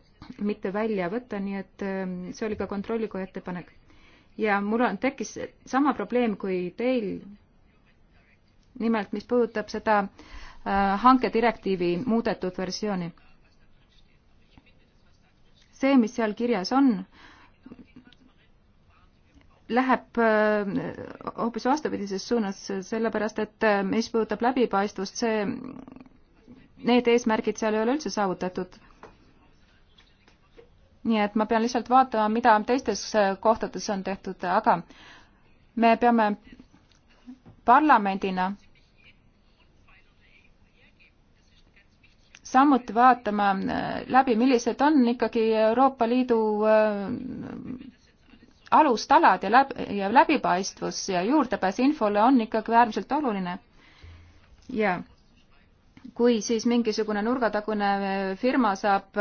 mitte välja võtta, nii et ähm, see oli ka kontrollikoja ettepanek. ja mul on, tekkis sama probleem kui teil. nimelt, mis puudutab seda äh, Äh, hankedirektiivi muudetud versiooni. see, mis seal kirjas on, läheb äh, hoopis vastupidises suunas, sellepärast et äh, mis puudutab läbipaistvust, see, need eesmärgid seal ei ole üldse saavutatud. nii et ma pean lihtsalt vaatama, mida teistes kohtades on tehtud, aga me peame parlamendina samuti vaatama äh, läbi, millised on ikkagi Euroopa Liidu äh, alustalad ja läb-, ja läbipaistvus ja juurdepääs infole on ikkagi äärmiselt oluline. ja kui siis mingisugune nurgatagune äh, firma saab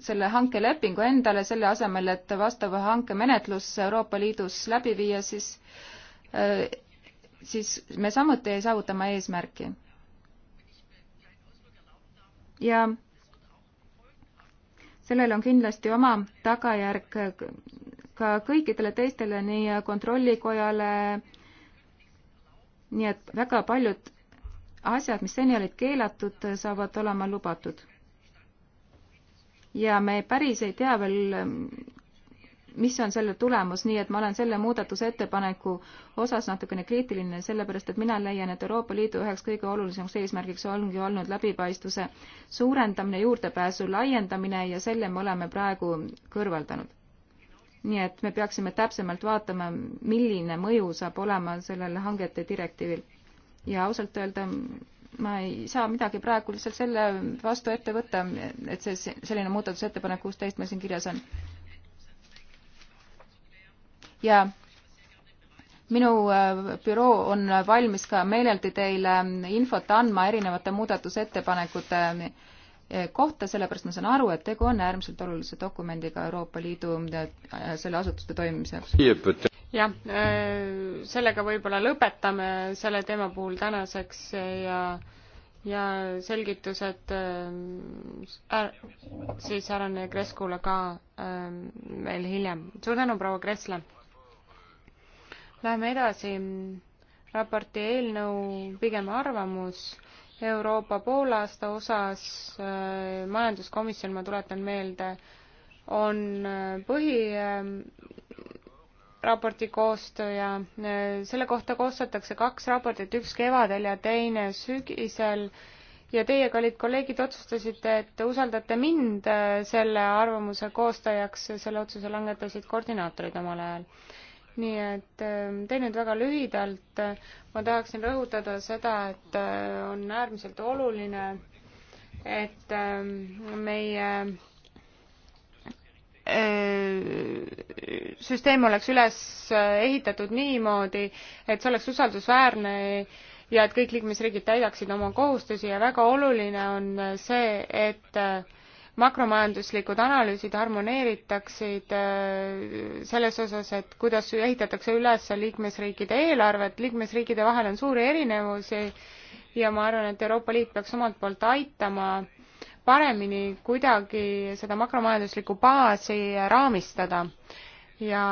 selle hankelepingu endale selle asemel, et vastava hankemenetlus Euroopa Liidus läbi viia, siis, siis me samuti ei saavuta oma eesmärki ja sellel on kindlasti oma tagajärg ka kõikidele teistele, nii kontrollikojale, nii et väga paljud asjad, mis seni olid keelatud, saavad olema lubatud. ja me päris ei tea veel, mis on selle tulemus, nii et ma olen selle muudatusettepaneku osas natukene kriitiline, sellepärast et mina leian, et Euroopa Liidu üheks kõige olulisemaks eesmärgiks ongi olnud läbipaistvuse suurendamine, juurdepääsu laiendamine ja selle me oleme praegu kõrvaldanud. nii et me peaksime täpsemalt vaatama, milline mõju saab olema sellel hangete direktiivil. ja ausalt öelda ma ei saa midagi praegu lihtsalt selle vastu ette võtta, et see selline muudatusettepanek kuusteist meil siin kirjas on ja minu äh, büroo on valmis ka meeleldi teile infot andma erinevate muudatusettepanekute äh, kohta, sellepärast ma saan aru, et tegu on äärmiselt olulise dokumendiga Euroopa Liidu äh, selle asutuste toimimise jaoks. jah, sellega võib-olla lõpetame selle teema puhul tänaseks ja ja selgitused äh, siis härra Negreskule ka äh, veel hiljem. suur tänu, proua Kressle! Läheme edasi. raporti eelnõu, pigem arvamus Euroopa poolaasta osas äh, majanduskomisjon, ma tuletan meelde, on põhiraporti äh, äh koostaja äh,. selle kohta koostatakse kaks raportit, üks kevadel ja teine sügisel ja teie, kallid kolleegid, otsustasite, et usaldate mind äh, selle arvamuse koostajaks, selle otsuse langetasid koordinaatorid omal ajal nii et ähm, teen nüüd väga lühidalt, ma tahaksin rõhutada seda, et äh, on äärmiselt oluline, et ähm, meie äh, süsteem oleks üles äh, ehitatud niimoodi, et see oleks usaldusväärne ja et kõik liikmesriigid täidaksid oma kohustusi ja väga oluline on see, et makromajanduslikud analüüsid harmoneeritaksid äh, selles osas, et kuidas ehitatakse üles liikmesriikide eelarvet, liikmesriikide vahel on suuri erinevusi ja ma arvan, et Euroopa Liit peaks omalt poolt aitama paremini kuidagi seda makromajanduslikku baasi raamistada ja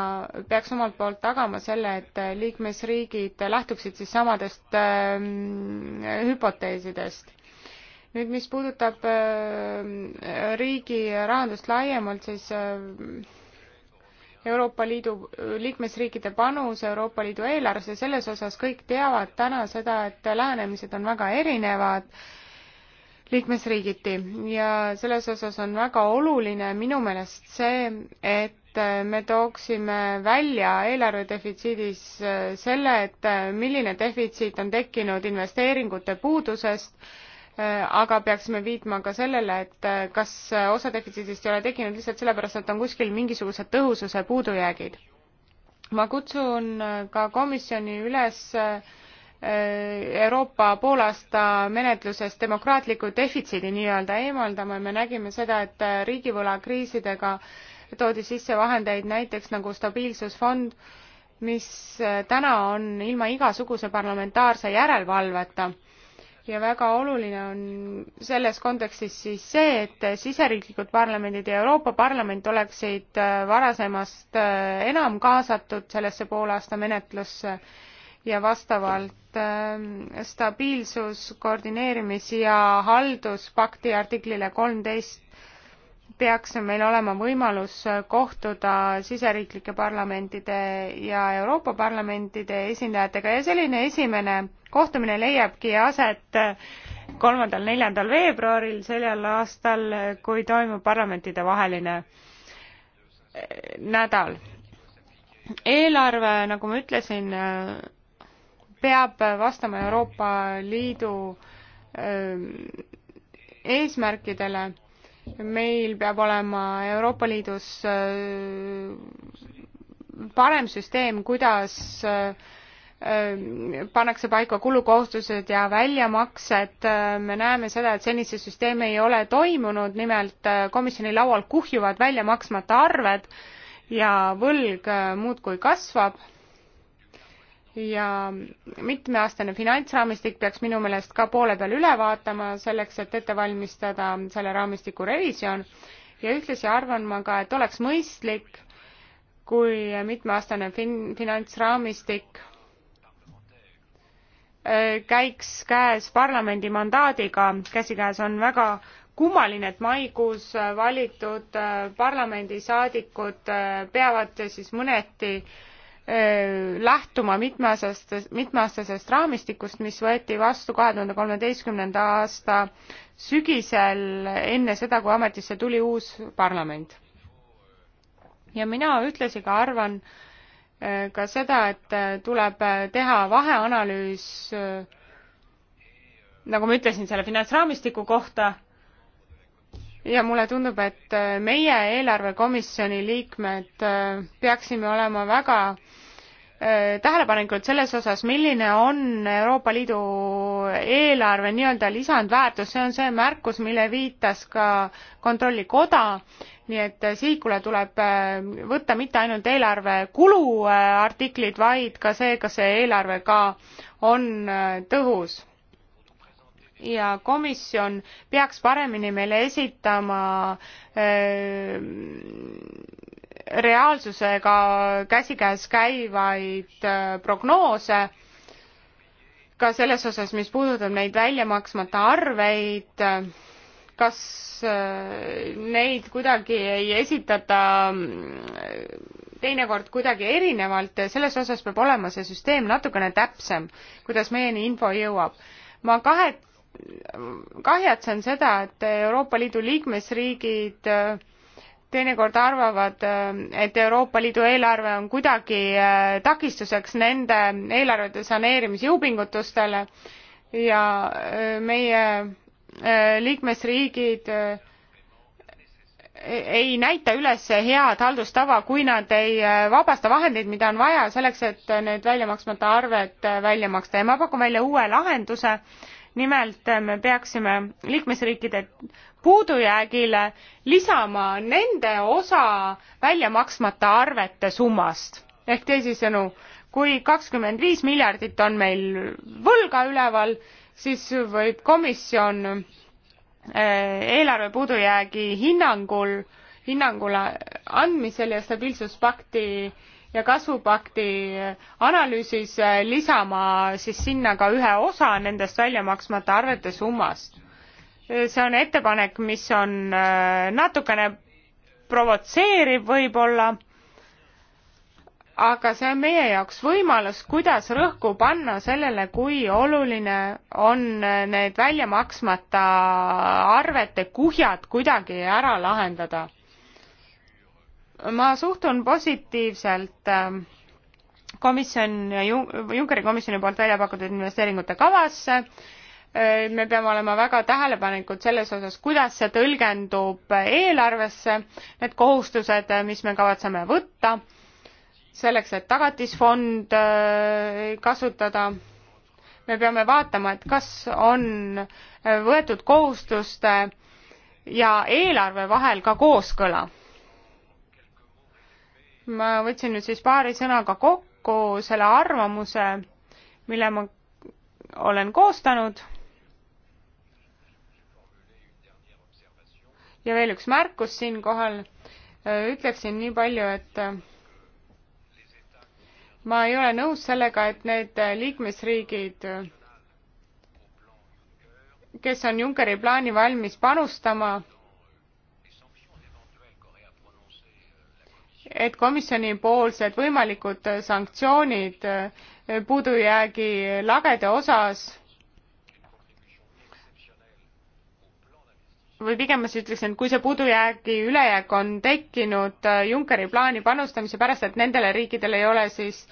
peaks omalt poolt tagama selle, et liikmesriigid lähtuksid siis samadest äh, hüpoteesidest nüüd, mis puudutab äh, riigi rahandust laiemalt, siis äh, Euroopa Liidu liikmesriikide panus Euroopa Liidu eelarvesse, selles osas kõik teavad täna seda, et lähenemised on väga erinevad liikmesriigiti ja selles osas on väga oluline minu meelest see, et me tooksime välja eelarvedefitsiidis äh, selle, et milline defitsiit on tekkinud investeeringute puudusest Äh, aga peaksime viitma ka sellele, et äh, kas äh, osa defitsiidist ei ole tekkinud lihtsalt sellepärast, et on kuskil mingisugused tõhususe puudujäägid. ma kutsun ka komisjoni üles Euroopa poolaasta menetluses demokraatliku defitsiidi nii-öelda eemaldama, me nägime seda, et riigivõlakriisidega toodi sisse vahendeid näiteks nagu stabiilsusfond, mis täna on ilma igasuguse parlamentaarse järelevalveta ja väga oluline on selles kontekstis siis see, et siseriiklikud parlamendid ja Euroopa Parlament oleksid äh, varasemast äh, enam kaasatud sellesse poolaasta menetlusse ja vastavalt ähm, stabiilsus, koordineerimis- ja halduspakti artiklile kolmteist peaks meil olema võimalus kohtuda siseriiklike parlamentide ja Euroopa parlamentide esindajatega ja selline esimene kohtumine leiabki aset kolmandal, neljandal veebruaril sellel aastal, kui toimub parlamentide vaheline eh, nädal. eelarve, nagu ma ütlesin, eh, peab vastama Euroopa Liidu eh, eesmärkidele meil peab olema Euroopa Liidus äh, parem süsteem, kuidas äh, pannakse paika kulukohustused ja väljamaksed, me näeme seda, et senist see süsteem ei ole toimunud, nimelt äh, komisjoni laual kuhjuvad välja maksmata arved ja võlg muudkui kasvab ja mitmeaastane finantsraamistik peaks minu meelest ka poole peal üle vaatama, selleks et ette valmistada selle raamistiku revisjon ja ühtlasi arvan ma ka, et oleks mõistlik, kui mitmeaastane fin-, finantsraamistik äh, käiks käes parlamendi mandaadiga, käsikäes on väga kummaline, et maikuus äh, valitud äh, parlamendisaadikud peavad siis mõneti äh, lähtuma mitmeaastasest, mitmeaastasest raamistikust, mis võeti vastu kahe tuhande kolmeteistkümnenda aasta sügisel, enne seda, kui ametisse tuli uus parlament. ja mina ühtlasi ka arvan ka seda, et tuleb teha vaheanalüüs, nagu ma ütlesin, selle finantsraamistiku kohta ja mulle tundub, et meie eelarvekomisjoni liikmed peaksime olema väga Äh, tähelepanelikult selles osas, milline on Euroopa Liidu eelarve nii-öelda lisandväärtus, see on see märkus, mille viitas ka Kontrollikoda, nii et äh, sihikule tuleb äh, võtta mitte ainult eelarve kuluartiklid, vaid ka see, kas see eelarve ka on tõhus. ja komisjon peaks paremini meile esitama öö, reaalsusega käsikäes käivaid äh, prognoose ka selles osas, mis puudutab neid väljamaksmata arveid, kas äh, neid kuidagi ei esitata mm, teinekord kuidagi erinevalt, selles osas peab olema see süsteem natukene täpsem, kuidas meieni info jõuab. ma kahe, kahjatsen seda, et Euroopa Liidu liikmesriigid äh, teinekord arvavad, äh, et Euroopa Liidu eelarve on kuidagi äh, takistuseks nende eelarvete saneerimisjõupingutustele ja äh, meie liikmesriigid ei näita üles head haldustava, kui nad ei vabasta vahendeid, mida on vaja selleks, et need välja maksmata arved välja maksta ja ma pakun välja uue lahenduse. nimelt me peaksime liikmesriikide puudujäägile lisama nende osa välja maksmata arvete summast ehk teisisõnu kui kakskümmend viis miljardit on meil võlga üleval siis võib komisjon eh, eelarve puudujäägi hinnangul hinnangule andmisel ja stabiilsuspakti ja kasvupakti analüüsis eh, lisama siis sinna ka ühe osa nendest välja maksmata arvete summast see on ettepanek, mis on äh, natukene provotseeriv võib-olla, aga see on meie jaoks võimalus, kuidas rõhku panna sellele, kui oluline on äh, need välja maksmata arvete kuhjad kuidagi ära lahendada. ma suhtun positiivselt äh, komisjon, Junckeri komisjoni poolt välja pakutud investeeringute kavasse Äh, me peame olema väga tähelepanelikud selles osas, kuidas see tõlgendub eelarvesse, need kohustused, äh, mis me kavatseme võtta, selleks, et tagatisfond äh, kasutada. me peame vaatama, et kas on võetud kohustuste ja eelarve vahel ka kooskõla. ma võtsin nüüd siis paari sõnaga kokku selle arvamuse, mille ma olen koostanud ja veel üks märkus siinkohal, äh, ütleksin nii palju, et äh, ma ei ole nõus sellega, et need äh, liikmesriigid, kes on Junckeri plaani valmis panustama, et komisjonipoolsed võimalikud sanktsioonid puudujäägi lagede osas või pigem ma siis ütleksin, et kui see puudujäägi ülejääk on tekkinud äh, Junckeri plaani panustamise pärast, et nendele riikidele ei ole siis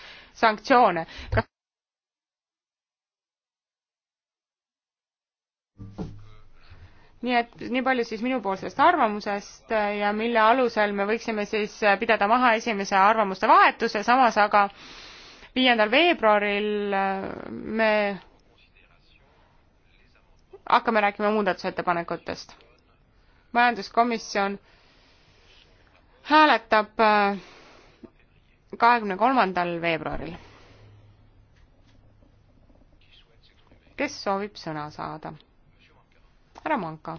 sanktsioone. nii et nii palju siis minupoolsest arvamusest äh, ja mille alusel me võiksime siis äh, pidada maha esimese arvamuste vahetuse, samas aga viiendal veebruaril me hakkame rääkima muudatusettepanekutest majanduskomisjon hääletab äh, kahekümne kolmandal veebruaril. kes soovib sõna saada? härra Manka.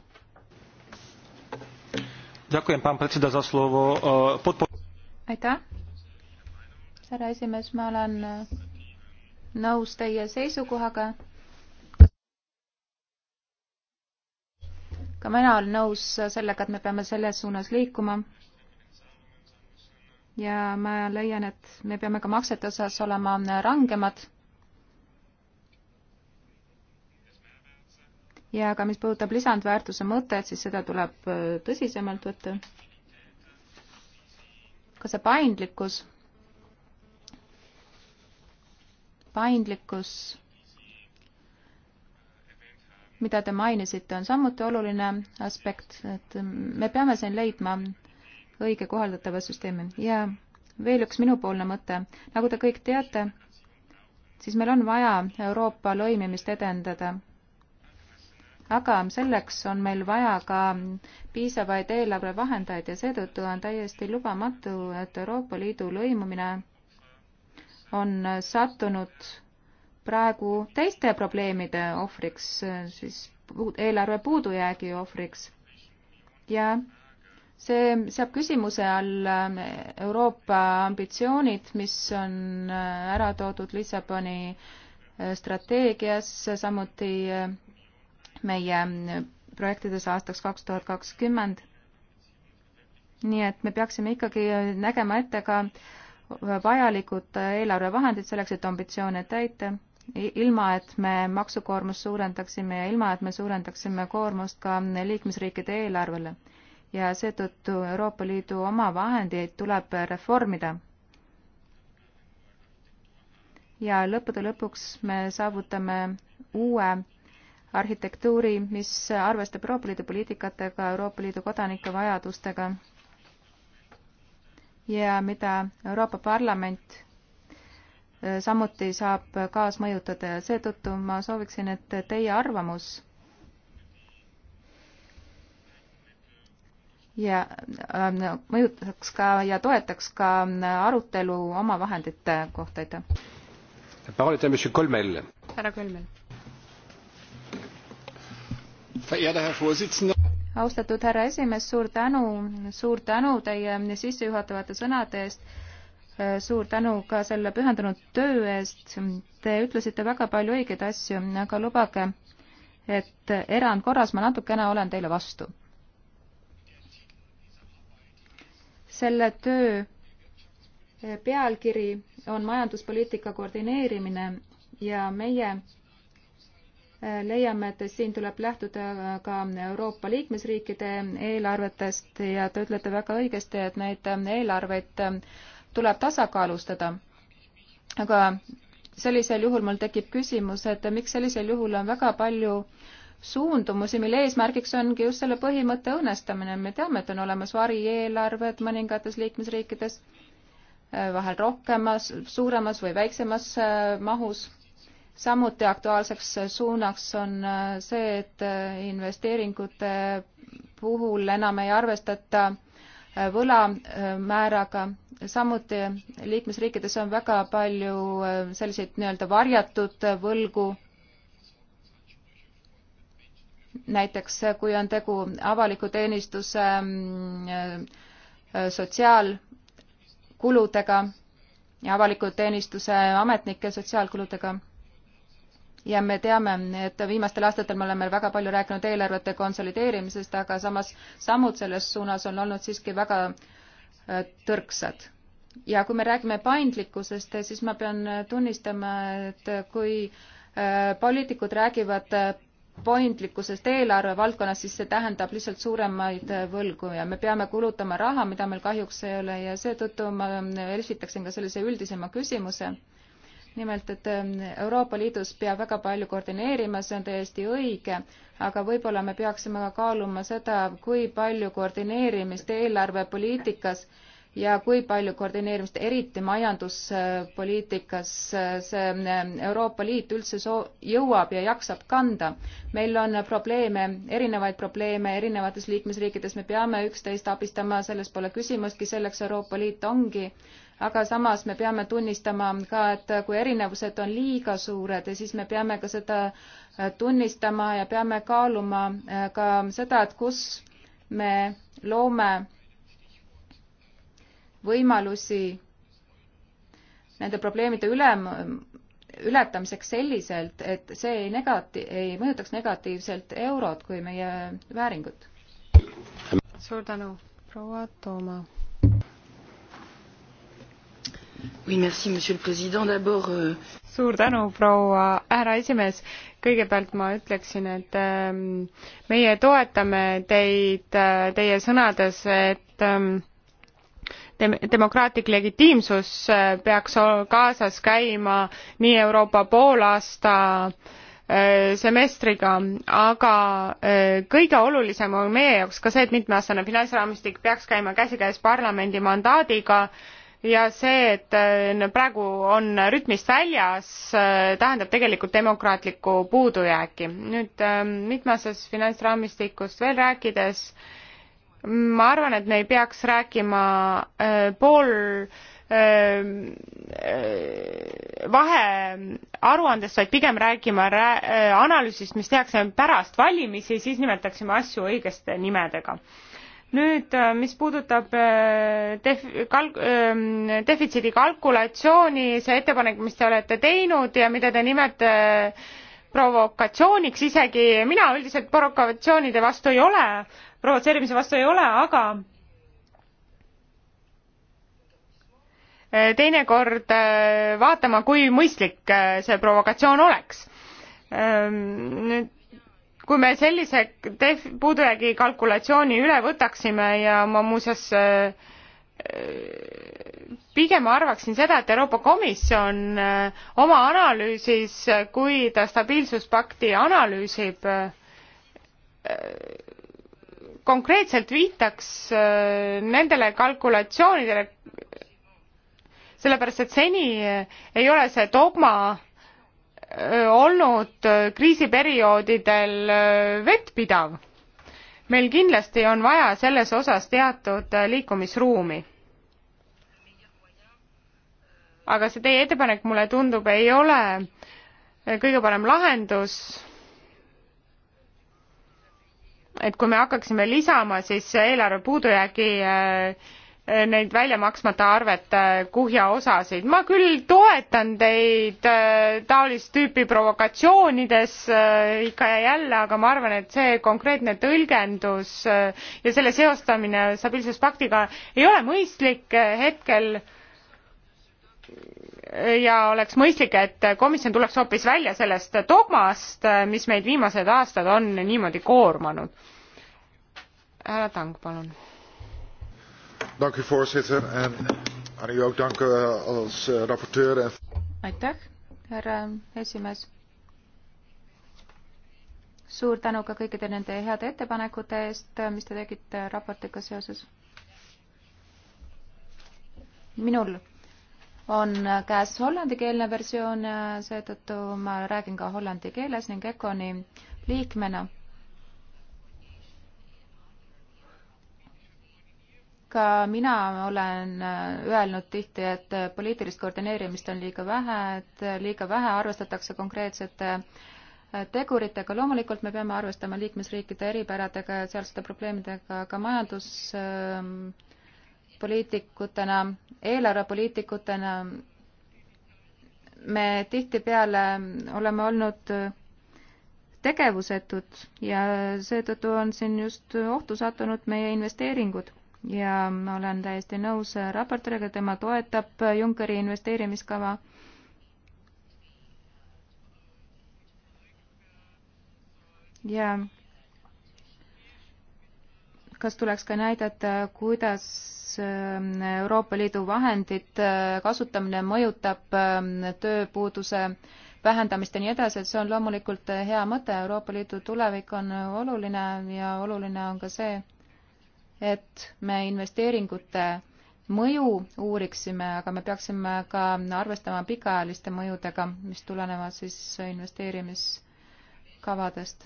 Äh, aitäh, härra esimees, ma olen äh, nõus teie seisukohaga ka mina olen nõus sellega, et me peame selles suunas liikuma. ja ma leian, et me peame ka maksete osas olema rangemad. ja ka mis puudutab lisandväärtuse mõtet, siis seda tuleb äh, tõsisemalt võtta. ka see paindlikkus, paindlikkus mida te mainisite, on samuti oluline aspekt, et me peame siin leidma õige kohaldatava süsteemi ja veel üks minupoolne mõte, nagu te kõik teate, siis meil on vaja Euroopa lõimimist edendada. aga selleks on meil vaja ka piisavaid eelarvevahendajaid ja seetõttu on täiesti lubamatu, et Euroopa Liidu lõimumine on sattunud praegu teiste probleemide ohvriks, siis eelarve puudujäägi ohvriks. ja see seab küsimuse alla äh, Euroopa ambitsioonid, mis on äh, ära toodud Lissaboni äh, strateegias, samuti meie projektides aastaks kaks tuhat kakskümmend. nii et me peaksime ikkagi nägema ette ka vajalikud eelarvevahendid selleks, et ambitsioone täita ilma, et me maksukoormust suurendaksime ja ilma, et me suurendaksime koormust ka liikmesriikide eelarvele. ja seetõttu Euroopa Liidu omavahendeid tuleb reformida. ja lõppude lõpuks me saavutame uue arhitektuuri, mis arvestab Euroopa Liidu poliitikatega, Euroopa Liidu kodanike vajadustega ja mida Euroopa Parlament Äh, samuti saab kaasmõjutada ja seetõttu ma sooviksin, et teie arvamus ja äh, mõjutaks ka ja toetaks ka arutelu omavahendite kohta, aitäh. härra Kölmel. austatud härra esimees, suur tänu, suur tänu teie sissejuhatavate sõnade eest suur tänu ka selle pühendunud töö eest. Te ütlesite väga palju õigeid asju, aga lubage, et erandkorras ma natukene olen teile vastu. selle töö pealkiri on majanduspoliitika koordineerimine ja meie eh, leiame, et siin tuleb lähtuda ka Euroopa liikmesriikide eelarvetest ja te ütlete väga õigesti, et neid eh, eelarveid eh, tuleb tasakaalustada. aga sellisel juhul mul tekib küsimus, et miks sellisel juhul on väga palju suundumusi, mille eesmärgiks ongi just selle põhimõtte õõnestamine. me teame, et on olemas varieelarved mõningates liikmesriikides, äh, vahel rohkemas, suuremas või väiksemas äh, mahus. samuti aktuaalseks suunaks on äh, see, et investeeringute puhul enam ei arvestata võlamääraga samuti liikmesriikides on väga palju äh, selliseid nii-öelda varjatud äh, võlgu. näiteks äh, kui on tegu avaliku teenistuse mm, sotsiaalkuludega ja avaliku teenistuse ametnike sotsiaalkuludega. ja me teame, et viimastel aastatel me oleme väga palju rääkinud eelarvete konsolideerimisest, aga samas sammud selles suunas on olnud siiski väga äh, Äh, tõrksad. ja kui me räägime paindlikkusest, siis ma pean äh, tunnistama, et äh, kui poliitikud räägivad paindlikkusest eelarve valdkonnas, siis see tähendab lihtsalt suuremaid võlgu ja me peame kulutama raha, mida meil kahjuks ei ole ja seetõttu ma esitaksin ka sellise üldisema küsimuse nimelt, et ähm, Euroopa Liidus peab väga palju koordineerima, see on täiesti õige, aga võib-olla me peaksime ka kaaluma seda, kui palju koordineerimist eelarvepoliitikas ja kui palju koordineerimist, eriti majanduspoliitikas, äh, see ähm, Euroopa Liit üldse soo-, jõuab ja jaksab kanda. meil on probleeme, erinevaid probleeme erinevates liikmesriikides, me peame üksteist abistama, selles pole küsimustki, selleks Euroopa Liit ongi aga samas me peame tunnistama ka, et kui erinevused on liiga suured, siis me peame ka seda äh, tunnistama ja peame kaaluma äh, ka seda, et kus me loome võimalusi nende probleemide üle, ületamiseks selliselt, et see ei negati-, ei mõjutaks negatiivselt eurot kui meie vääringut. suur tänu, proua Tooma Euh, suur tänu, proua härra esimees. kõigepealt ma ütleksin, et ähm, meie toetame teid äh, teie sõnades, et ähm, demokraatlik legitiimsus äh, peaks kaasas käima nii Euroopa poolaasta äh, semestriga, aga kõige olulisem on meie jaoks ka see, et mitmeaastane finantsraamistik peaks käima käsikäes parlamendi mandaadiga äh, ja see, et äh, praegu on rütmist väljas, äh, tähendab tegelikult demokraatlikku puudujääki. nüüd äh, mitmeaastasest finantsraamistikust veel rääkides, ma arvan, et me ei peaks rääkima pool vahearuandest, vaid pigem rääkima rää analüüsist, mis tehakse pärast valimisi, siis nimetaksime asju õigeste nimedega nüüd, äh, mis puudutab äh, def-, kalk-, ähm, defitsiidi kalkulatsiooni, see ettepanek, mis te olete teinud ja mida te nimete äh, provokatsiooniks isegi, mina üldiselt provokatsioonide vastu ei ole, provotseerimise vastu ei ole, aga teinekord vaatama, kui mõistlik see provokatsioon oleks. Ähm, nüüd kui me sellise def-, puudujäägi kalkulatsiooni üle võtaksime ja ma muuseas äh, pigem arvaksin seda, et Euroopa Komisjon äh, oma analüüsis, kui ta stabiilsuspakti analüüsib, äh, konkreetselt viitaks nendele kalkulatsioonidele, sellepärast et seni ei ole see dogma olnud kriisiperioodidel vettpidav. meil kindlasti on vaja selles osas teatud liikumisruumi. aga see teie ettepanek, mulle tundub, ei ole kõige parem lahendus et kui me hakkaksime lisama siis eelarve puudujäägi äh, Eh, neid välja maksmata arvete eh, kuhja osasid. ma küll toetan teid eh, taolist tüüpi provokatsioonides ikka ja jälle, aga ma arvan, et see konkreetne tõlgendus ja selle seostamine stabiilsuspaktiga ei ole mõistlik hetkel ja oleks mõistlik, et komisjon tuleks hoopis välja sellest dogmast, mis meid viimased aastad on niimoodi koormanud. härra Tang, palun Dank u voorzitter en eh, aan u ook dank eh, als eh, rapporteur. En... aitäh, härra esimees. suur tänu ka kõikide nende heade ettepanekute eest, mis te tegite raportiga seoses. minul on käes hollandikeelne versioon, seetõttu ma räägin ka hollandi keeles ning ECONi liikmena ka mina olen äh, öelnud tihti, et äh, poliitilist koordineerimist on liiga vähe, et äh, liiga vähe arvestatakse konkreetsete teguritega, loomulikult me peame arvestama liikmesriikide eripäradega ja sealsete probleemidega, aga majanduspoliitikutena, ähm, eelarvepoliitikutena me tihtipeale oleme olnud tegevusetud ja seetõttu on siin just ohtu sattunud meie investeeringud ja ma olen täiesti nõus raportööriga, tema toetab Junckeri investeerimiskava. ja kas tuleks ka näidata, kuidas ähm, Euroopa Liidu vahendite äh, kasutamine mõjutab ähm, tööpuuduse vähendamist ja nii edasi, et see on loomulikult hea mõte, Euroopa Liidu tulevik on oluline ja oluline on ka see, et me investeeringute mõju uuriksime, aga me peaksime ka arvestama pikaajaliste mõjudega, mis tulenevad siis investeerimiskavadest.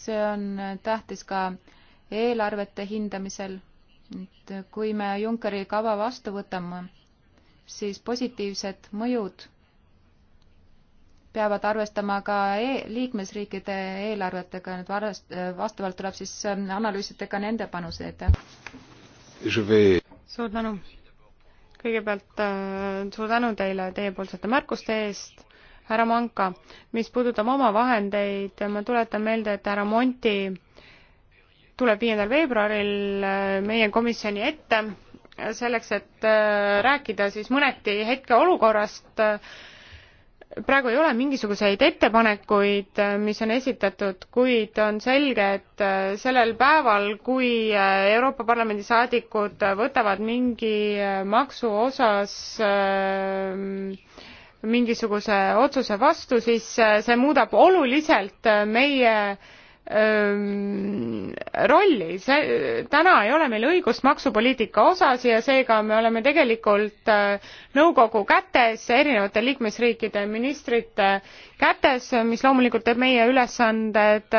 see on tähtis ka eelarvete hindamisel, et kui me Junckeri kava vastu võtame, siis positiivsed mõjud peavad arvestama ka e liikmesriikide eelarvetega, nüüd varast-, vastavalt tuleb siis ähm, analüüsida ka nende panuseid. suur tänu! kõigepealt äh, suur tänu teile teiepoolsete märkuste eest, härra Manka, mis puudutab omavahendeid, ma tuletan meelde, et härra Monti tuleb viiendal veebruaril äh, meie komisjoni ette selleks, et äh, rääkida siis mõneti hetkeolukorrast äh, praegu ei ole mingisuguseid ettepanekuid, äh, mis on esitatud, kuid on selge, et äh, sellel päeval, kui äh, Euroopa Parlamendi saadikud võtavad mingi maksu osas mingisuguse otsuse vastu, siis see muudab oluliselt meie rolli, see, täna ei ole meil õigust maksupoliitika osas ja seega me oleme tegelikult nõukogu kätes, erinevate liikmesriikide ministrite kätes, mis loomulikult teeb meie ülesanded,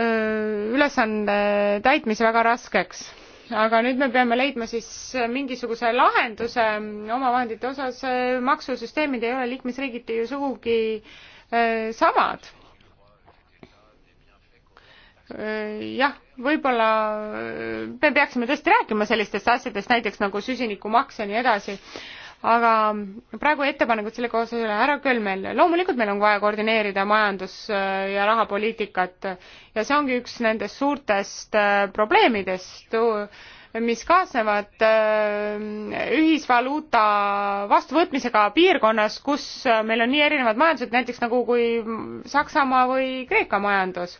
ülesande täitmise väga raskeks. aga nüüd me peame leidma siis mingisuguse lahenduse omavahendite osas, maksusüsteemid ei ole liikmesriigiti ju sugugi samad jah, võib-olla äh, me peaksime tõesti rääkima sellistest asjadest, näiteks nagu süsinikumaks ja nii edasi, aga praegu ettepanekud selle kohta ei ole ära küll meil. loomulikult meil on vaja koordineerida majandus- ja rahapoliitikat ja see ongi üks nendest suurtest äh, probleemidest, mis kaasnevad äh, ühisvaluuta vastuvõtmisega piirkonnas, kus meil on nii erinevad majandused, näiteks nagu kui Saksamaa või Kreeka majandus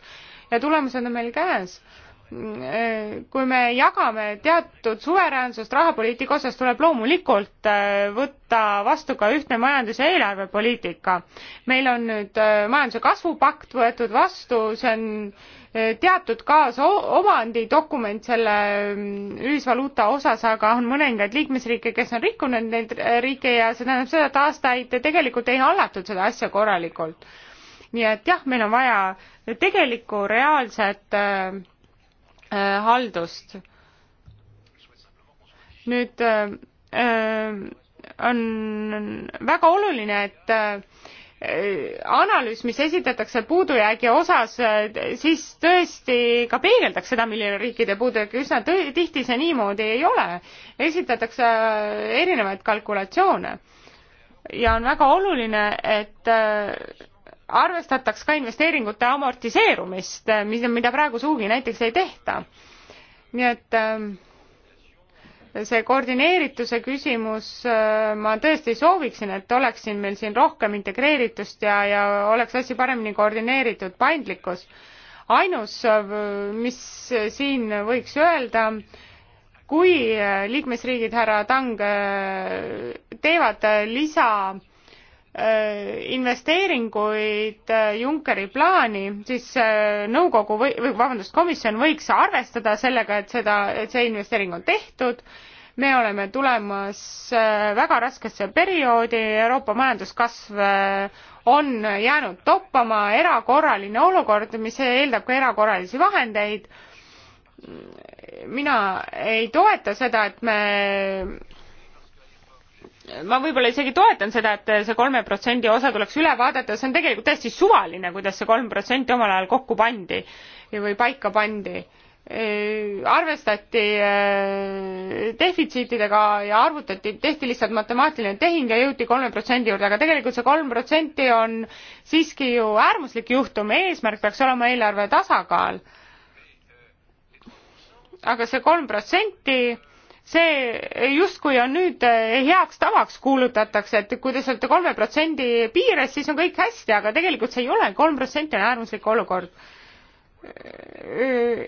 ja tulemused on meil käes kui me jagame teatud suveräänsust rahapoliitika osas, tuleb loomulikult äh, võtta vastu ka ühtne majandus- ja eelarvepoliitika. meil on nüüd äh, majanduse kasvupakt võetud vastu, see on äh, teatud kaasomandidokument selle mm, ühisvaluuta osas, aga on mõningaid liikmesriike, kes on rikkunud neid riike ja see tähendab seda, et aastaid tegelikult ei hallatud seda asja korralikult nii et jah, meil on vaja tegelikku reaalset äh, äh, haldust. nüüd äh, äh on väga oluline, et äh, analüüs, mis esitatakse puudujäägi osas, äh, siis tõesti ka peegeldaks seda, milline riikide puudujääk, üsna tihti see niimoodi ei ole. esitatakse äh, erinevaid kalkulatsioone ja on väga oluline, et arvestataks ka investeeringute amortiseerumist, mis, mida praegu sugugi näiteks ei tehta. nii et ähm, see koordineerituse küsimus, äh, ma tõesti sooviksin, et oleks siin meil siin rohkem integreeritust ja, ja oleks asi paremini koordineeritud, paindlikkus. ainus, äh, mis siin võiks öelda, kui äh, liikmesriigid, härra Tang, teevad lisa Äh, investeeringuid äh, Junckeri plaani, siis äh, nõukogu või, või vabandust, komisjon võiks arvestada sellega, et seda, et see investeering on tehtud. me oleme tulemas väga raskesse perioodi, Euroopa majanduskasv on jäänud toppama, erakorraline olukord, mis eeldab ka erakorralisi vahendeid. mina ei toeta seda, et me ma võib-olla isegi toetan seda, et see kolme protsendi osa tuleks üle vaadata, see on tegelikult täiesti suvaline, kuidas see kolm protsenti omal ajal kokku pandi või paika pandi. Äh, arvestati äh, defitsiitidega ja arvutati, tehti lihtsalt matemaatiline tehing ja jõuti kolme protsendi juurde, aga tegelikult see kolm protsenti on siiski ju äärmuslik juhtum, eesmärk peaks olema eelarve tasakaal. aga see kolm protsenti see justkui on nüüd eh, heaks tavaks kuulutatakse, et kui te olete kolme protsendi piires, siis on kõik hästi, aga tegelikult see ei ole, kolm protsenti on äärmuslik olukord.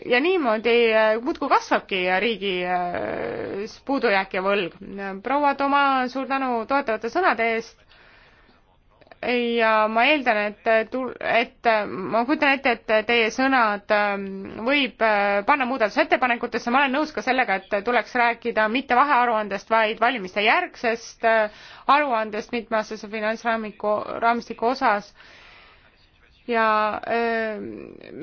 ja niimoodi eh, muudkui kasvabki riigi eh, puudujääk ja võlg. proua Toma, suur tänu toetavate sõnade eest ja ma eeldan, et, et ma kujutan ette, et teie sõnad ähm, võib äh, panna muudatusettepanekutesse, ma olen nõus ka sellega, et tuleks rääkida mitte vahearuandest, vaid valimiste järgsest äh, aruandest mitmeaastase finantsraamiku, raamistiku osas. ja ähm,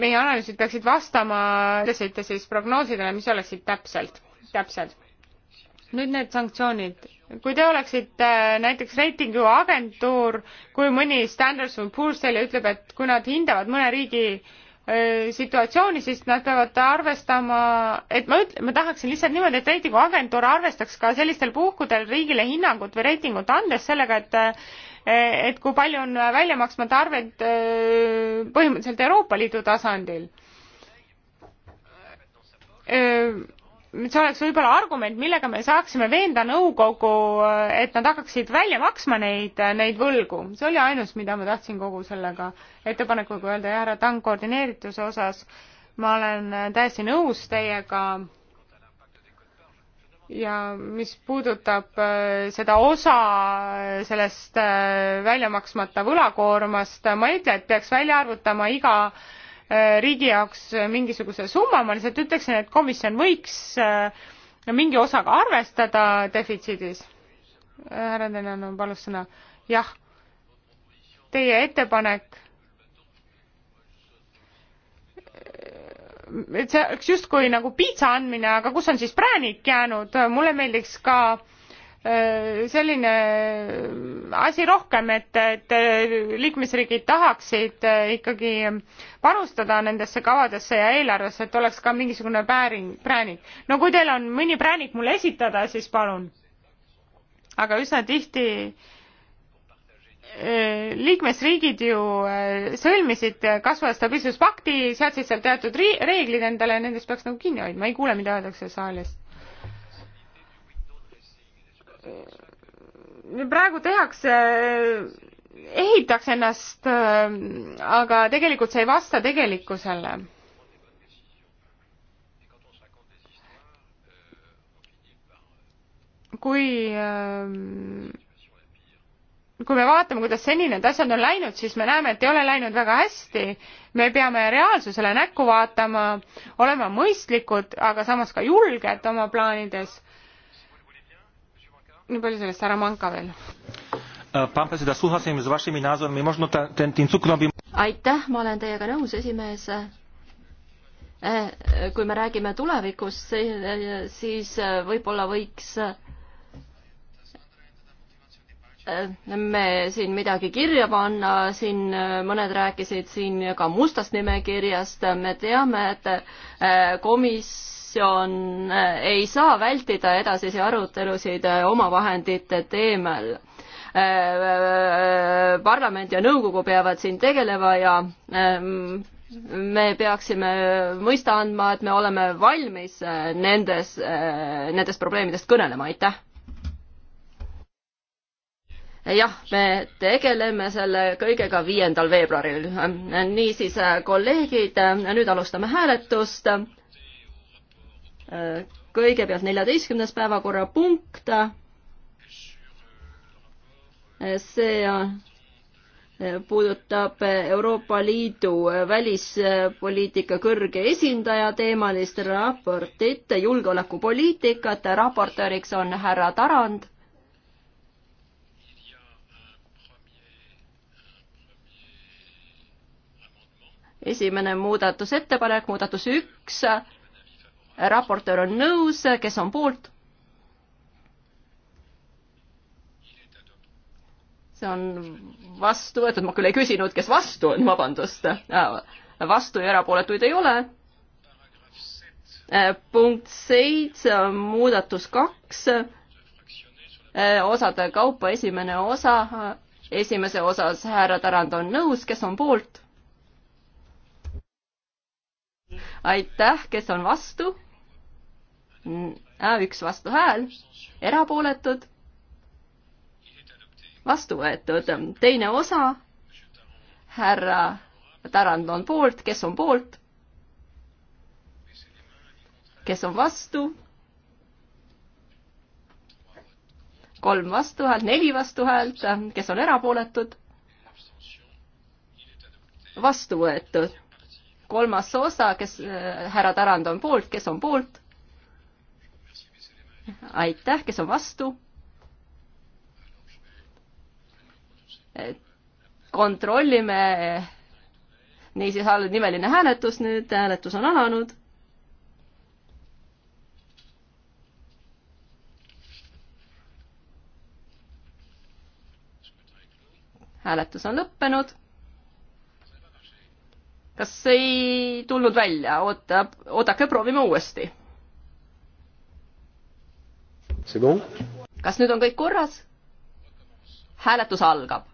meie analüüsid peaksid vastama, ütlesite siis prognoosidele, mis oleksid täpselt, täpselt. nüüd need sanktsioonid kui te oleksite äh, näiteks reitinguagentuur, kui mõni Standards või Poor's teile ütleb, et kui nad hindavad mõne riigi äh, situatsiooni, siis nad peavad arvestama, et ma ütlen, ma tahaksin lihtsalt niimoodi, et reitinguagentuur arvestaks ka sellistel puhkudel riigile hinnangut või reitingut andes sellega, et äh, et kui palju on välja maksmata arved põhimõtteliselt Euroopa Liidu tasandil see oleks võib-olla argument, millega me saaksime veenda nõukogu, et nad hakkaksid välja maksma neid, neid võlgu. see oli ainus, mida ma tahtsin kogu sellega ettepanekuga öelda ja härra Tang koordineerituse osas ma olen täiesti nõus teiega. ja mis puudutab äh, seda osa sellest äh, välja maksmata võlakoormast, ma ei ütle, et peaks välja arvutama iga äh, Äh, riigi jaoks mingisuguse summa, ma lihtsalt ütleksin, et komisjon võiks äh, mingi osaga arvestada defitsiidis. Äh, härra Tõnan palus sõna. jah, teie ettepanek et see oleks justkui nagu piitsa andmine, aga kus on siis präänik jäänud, mulle meeldiks ka äh, Äh, selline äh, asi rohkem, et, et äh, liikmesriigid tahaksid ikkagi panustada nendesse kavadesse ja eelarvesse, et oleks ka mingisugune pääring, präänik. no kui teil on mõni präänik mulle esitada, siis palun. aga üsna tihti liikmesriigid ju sõlmisid kasvu- ja stabiilsuspakti, seadsid seal teatud reeglid endale ja nendest peaks nagu kinni hoidma, ei kuule, mida öeldakse saalis Äh, praegu tehakse, ehitakse ennast, äh, aga tegelikult see ei vasta tegelikkusele. kui, äh, kui me vaatame, kuidas seni need asjad on läinud, siis me näeme, et ei ole läinud väga hästi. me peame reaalsusele näkku vaatama, olema mõistlikud, aga samas ka julged oma plaanides nii palju sellest, härra Manka veel. Äh, aitäh, ma olen teiega nõus, esimees äh, kui me räägime tulevikust, äh, siis võib-olla võiks me siin midagi kirja panna, siin mõned rääkisid siin ka mustast nimekirjast, me teame, et komis-, komisjon eh, ei saa vältida edasisi arutelusid eh, omavahendite teemal eh, parlament ja nõukogu peavad siin tegelema ja me peaksime mõista andma, et me oleme valmis nendes, nendest probleemidest kõnelema, aitäh. jah, me tegeleme selle kõigega viiendal veebruaril. niisiis, kolleegid, nüüd alustame hääletust kõigepealt neljateistkümnes päevakorrapunkt. see eh, puudutab Euroopa Liidu välispoliitika kõrge esindaja teemalist raportit, julgeolekupoliitikat, raportööriks on härra Tarand. esimene muudatusettepanek, muudatus üks muudatus raportöör on nõus, kes on poolt? see on vastu võetud, ma küll ei küsinud, kes vastu on, vabandust. Äh, vastu ja erapooletuid ei ole. Äh, punkt seitse, muudatus kaks, äh, osade kaupa esimene osa, esimese osas härra Tarand on nõus, kes on poolt? aitäh, kes on vastu? üks vastuhääl, erapooletud, vastu võetud. teine osa, härra Tarand on poolt, kes on poolt? kes on vastu? kolm vastuhäält, neli vastuhäält, kes on erapooletud? vastu võetud. kolmas osa, kes, äh, härra Tarand on poolt, kes on poolt? aitäh, kes on vastu? kontrollime, niisiis nimeline hääletus nüüd, hääletus on alanud. hääletus on lõppenud. kas ei tulnud välja, oota, oodake, proovime uuesti kas nüüd on kõik korras? hääletus algab.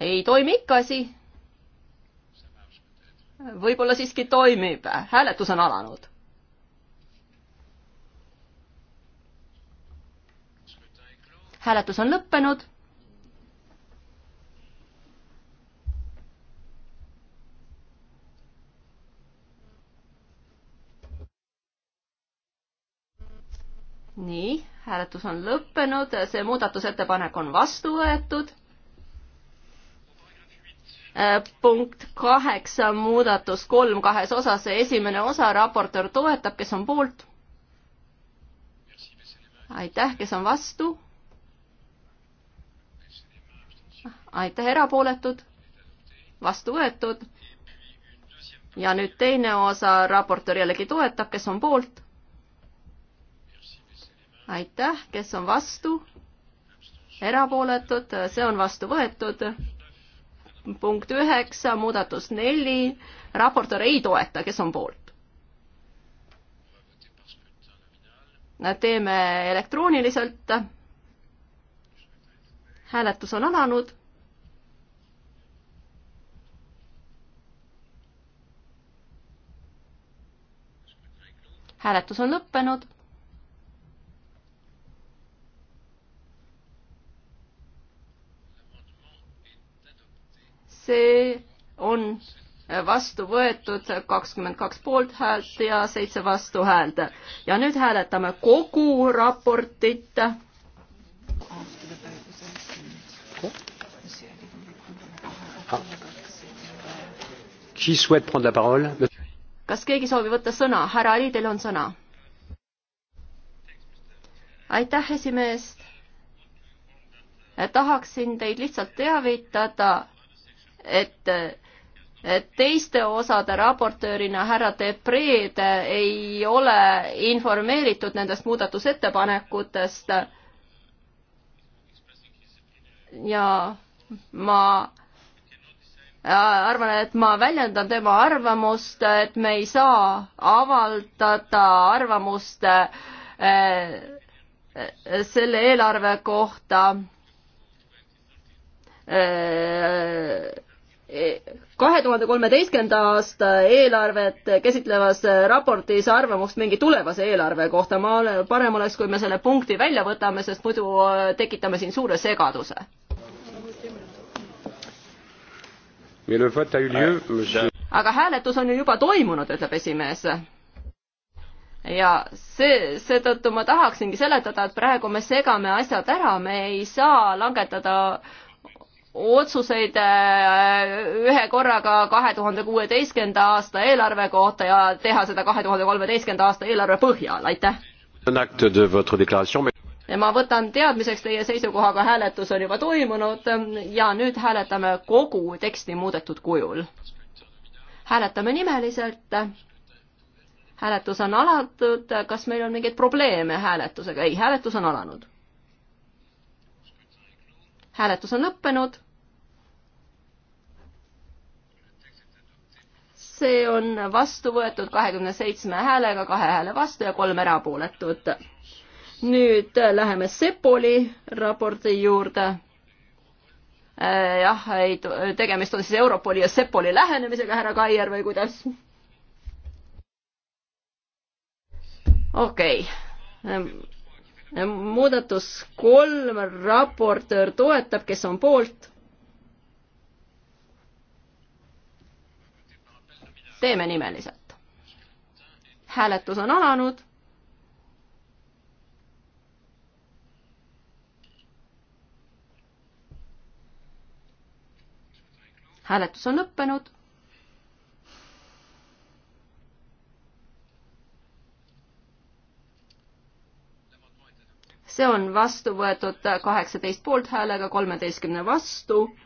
ei toimi ikka asi. võib-olla siiski toimib, hääletus on alanud. hääletus on lõppenud nii, hääletus on lõppenud, see muudatusettepanek on vastu võetud. Äh, punkt kaheksa, muudatus kolm kahes osas, esimene osa, raportöör toetab, kes on poolt? aitäh, kes on vastu? aitäh, erapooletud? vastu võetud. ja nüüd teine osa, raportöör jällegi toetab, kes on poolt? aitäh, kes on vastu? erapooletud, see on vastu võetud. punkt üheksa, muudatus neli, raportöör ei toeta, kes on poolt? teeme elektrooniliselt. hääletus on alanud. hääletus on lõppenud see on vastu võetud kakskümmend kaks poolthäält ja seitse vastuhäält. ja nüüd hääletame kogu raportit. kas keegi soovib võtta sõna? härra Ali, teil on sõna. aitäh, esimees. tahaksin teid lihtsalt teavitada et teiste osade raportöörina härra Depreed ei ole informeeritud nendest muudatusettepanekutest. ja ma äh, arvan, et ma väljendan tema arvamust, et me ei saa avaldada arvamust äh, selle eelarve kohta äh, kahe tuhande kolmeteistkümnenda aasta eelarvet käsitlevas raportis arvamust mingi tulevase eelarve kohta. ma, parem oleks, kui me selle punkti välja võtame, sest muidu äh, tekitame siin suure segaduse. aga hääletus on ju juba toimunud, ütleb esimees ja see, seetõttu ma tahaksingi seletada, et praegu me segame asjad ära, me ei saa langetada otsuseid äh, ühe korraga kahe tuhande kuueteistkümnenda aasta eelarve kohta ja teha seda kahe tuhande kolmeteistkümnenda aasta eelarve põhjal, aitäh! ja ma võtan teadmiseks teie seisukoha, aga hääletus on juba toimunud ja nüüd hääletame kogu teksti muudetud kujul. hääletame nimeliselt. hääletus on alatud, kas meil on mingeid probleeme hääletusega? ei, hääletus on alanud. hääletus on lõppenud see on vastu võetud kahekümne seitsme häälega, kahe hääle vastu ja kolm erapooletut. nüüd läheme Sepoli raporti juurde. Äh, jah, ei, tegemist on siis Europoli ja Sepoli lähenemisega, härra Kaier, või kuidas? okei okay. Äh, muudatus kolm, raportöör toetab, kes on poolt teeme nimeliselt. hääletus on alanud. hääletus on lõppenud. see on vastu võetud kaheksateist poolthäälega, kolmeteistkümne vastu.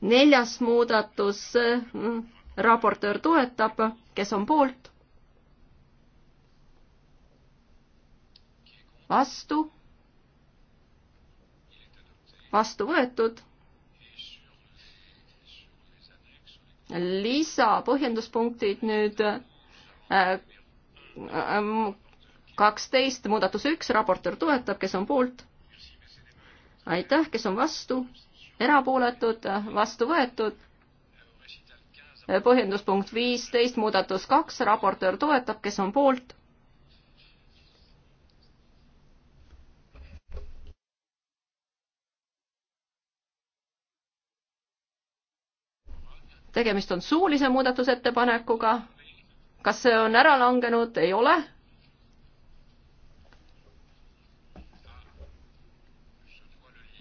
neljas muudatus raportöör toetab, kes on poolt? vastu? vastu võetud? lisa põhjenduspunktid nüüd äh, äh, kaksteist äh, muudatus üks, raportöör toetab, kes on poolt? aitäh, kes on vastu? erapooletud, vastu võetud põhjendus punkt viisteist, muudatus kaks, raportöör toetab, kes on poolt? tegemist on suulise muudatusettepanekuga. kas see on ära langenud, ei ole?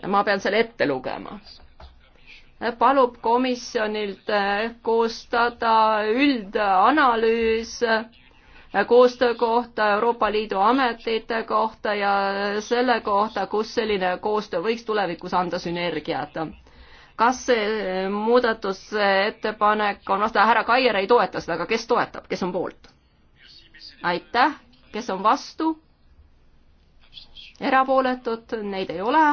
ma pean selle ette lugema palub komisjonilt eh, koostada üldanalüüs eh, koostöö kohta, Euroopa Liidu ametite kohta ja selle kohta, kus selline koostöö võiks tulevikus anda sünergiat. kas see eh, muudatusettepanek on vastu, härra Kaier ei toeta seda, aga kes toetab, kes on poolt? aitäh, kes on vastu? erapooletud, neid ei ole.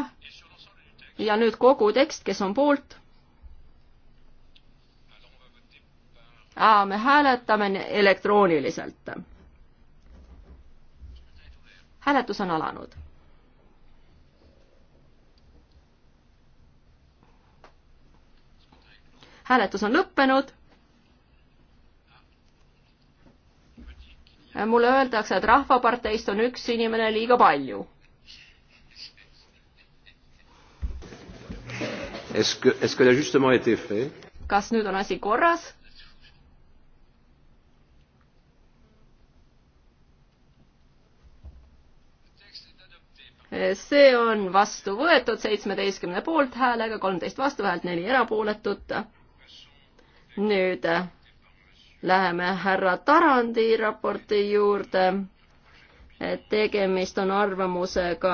ja nüüd kogu tekst, kes on poolt me hääletame elektrooniliselt. hääletus on alanud. hääletus on lõppenud mulle öeldakse, et Rahvaparteist on üks inimene liiga palju. kas nüüd on asi korras? see on vastu võetud seitsmeteistkümne poolthäälega, kolmteist vastuhäält, neli erapooletut. nüüd äh, läheme härra Tarandi raporti juurde. Äh, tegemist on arvamusega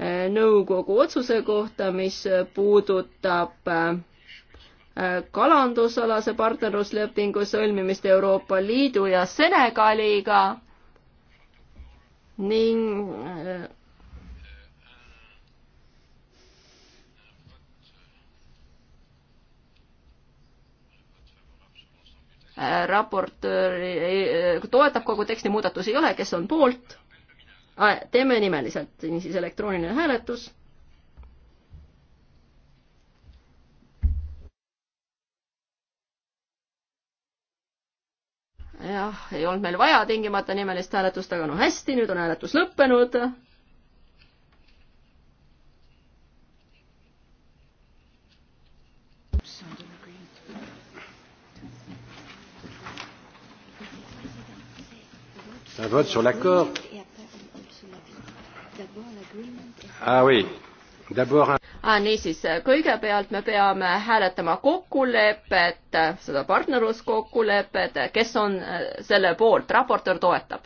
äh, nõukogu otsuse kohta, mis puudutab kalandusalase partnerluslepingu sõlmimist Euroopa Liidu ja Senegaliga ning äh, raportööri, äh, toetab kogu teksti muudatusi ei ole, kes on poolt, teeme nimeliselt, niisiis elektrooniline hääletus jah, ei olnud meil vaja tingimata nimelist hääletust, aga no hästi, nüüd on hääletus lõppenud. Un vote sur l'accord. Ah oui, Ah, niisiis, kõigepealt me peame hääletama kokkulepet, seda partnerluskokkulepet, kes on äh, selle poolt, raportöör toetab.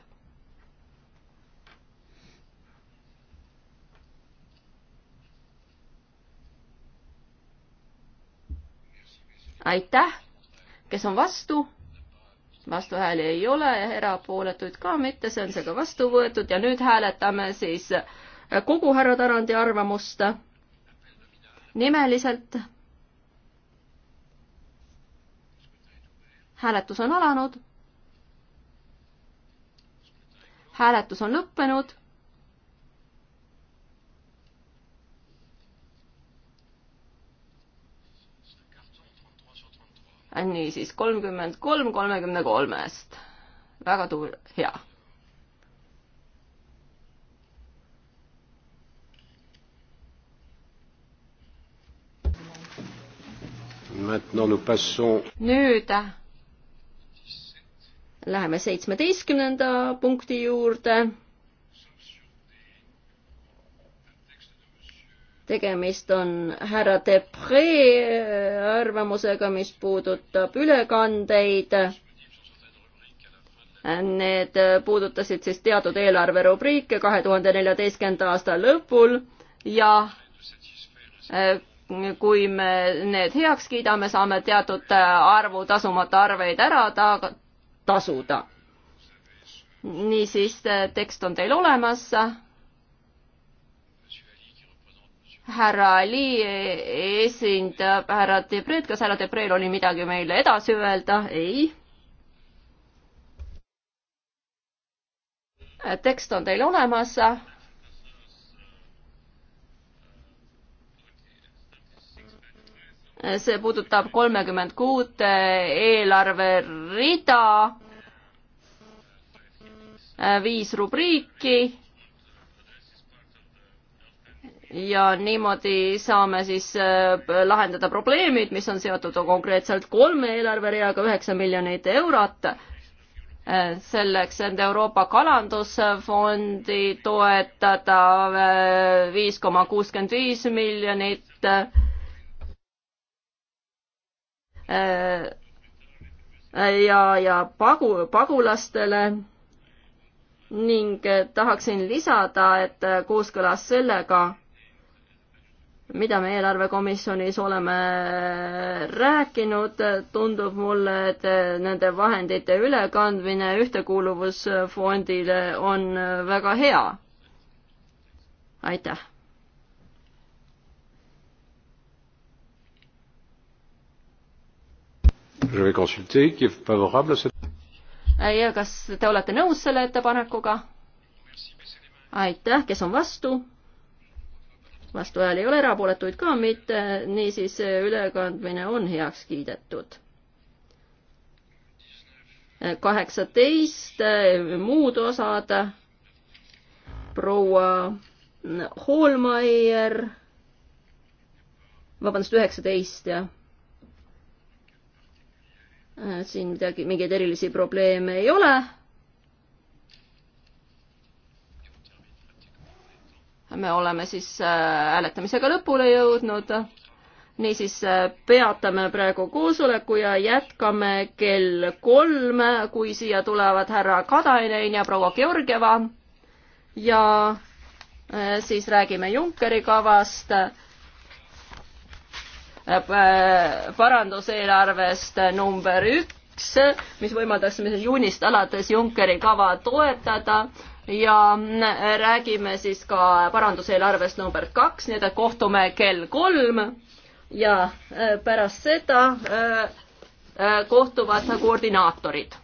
aitäh, kes on vastu? vastuhääli ei ole, erapooletuid ka mitte, see on seega vastu võetud ja nüüd hääletame siis äh, kogu härra Tarandi arvamust nimeliselt. hääletus on alanud. hääletus on lõppenud. niisiis kolmkümmend kolm kolmekümne kolmest. väga tuul-, hea nüüd läheme seitsmeteistkümnenda punkti juurde. tegemist on härra Depree äh, arvamusega, mis puudutab ülekandeid Need äh, puudutasid siis teatud eelarverubriike kahe tuhande neljateistkümnenda aasta lõpul ja äh, kui me need heaks kiidame, saame teatud äh, arvu tasumata arveid ära ta-, tasuda. niisiis, äh, tekst on teil olemas. härra Ali esindab härra Debreed, kas härra Debreel oli midagi meile edasi öelda? ei. Äh, tekst on teil olemas see puudutab kolmekümmend kuut eelarverida, viis rubriiki ja niimoodi saame siis äh, lahendada probleemid, mis on seotud konkreetselt kolme eelarvereaga, üheksa miljonit eurot, äh, selleks, et Euroopa Kalandusfondi toetada äh, viis koma kuuskümmend viis miljonit Äh, ja, ja pagu, pagulastele ning äh, tahaksin lisada, et äh, kooskõlas sellega, mida me eelarvekomisjonis oleme rääkinud, tundub mulle, et nende vahendite ülekandmine Ühtekuuluvusfondile on väga hea. aitäh ja kas te olete nõus selle ettepanekuga? aitäh, kes on vastu? vastu hääl ei ole, erapooletuid ka mitte, niisiis ülekandmine on heaks kiidetud. kaheksateist, muud osad, proua Hoolmeier, vabandust, üheksateist, jah Äh, siin midagi, mingeid erilisi probleeme ei ole. me oleme siis äh, hääletamisega lõpule jõudnud. niisiis äh, peatame praegu koosoleku ja jätkame kell kolm, kui siia tulevad härra Kadainen ja proua Georgieva ja siis räägime Junckeri kavast Äh, paranduseelarvest number üks, mis võimaldas meil juunist alates Junckeri kava toetada ja räägime siis ka paranduseelarvest number kaks, nii et kohtume kell kolm ja äh, pärast seda äh, kohtuvad koordinaatorid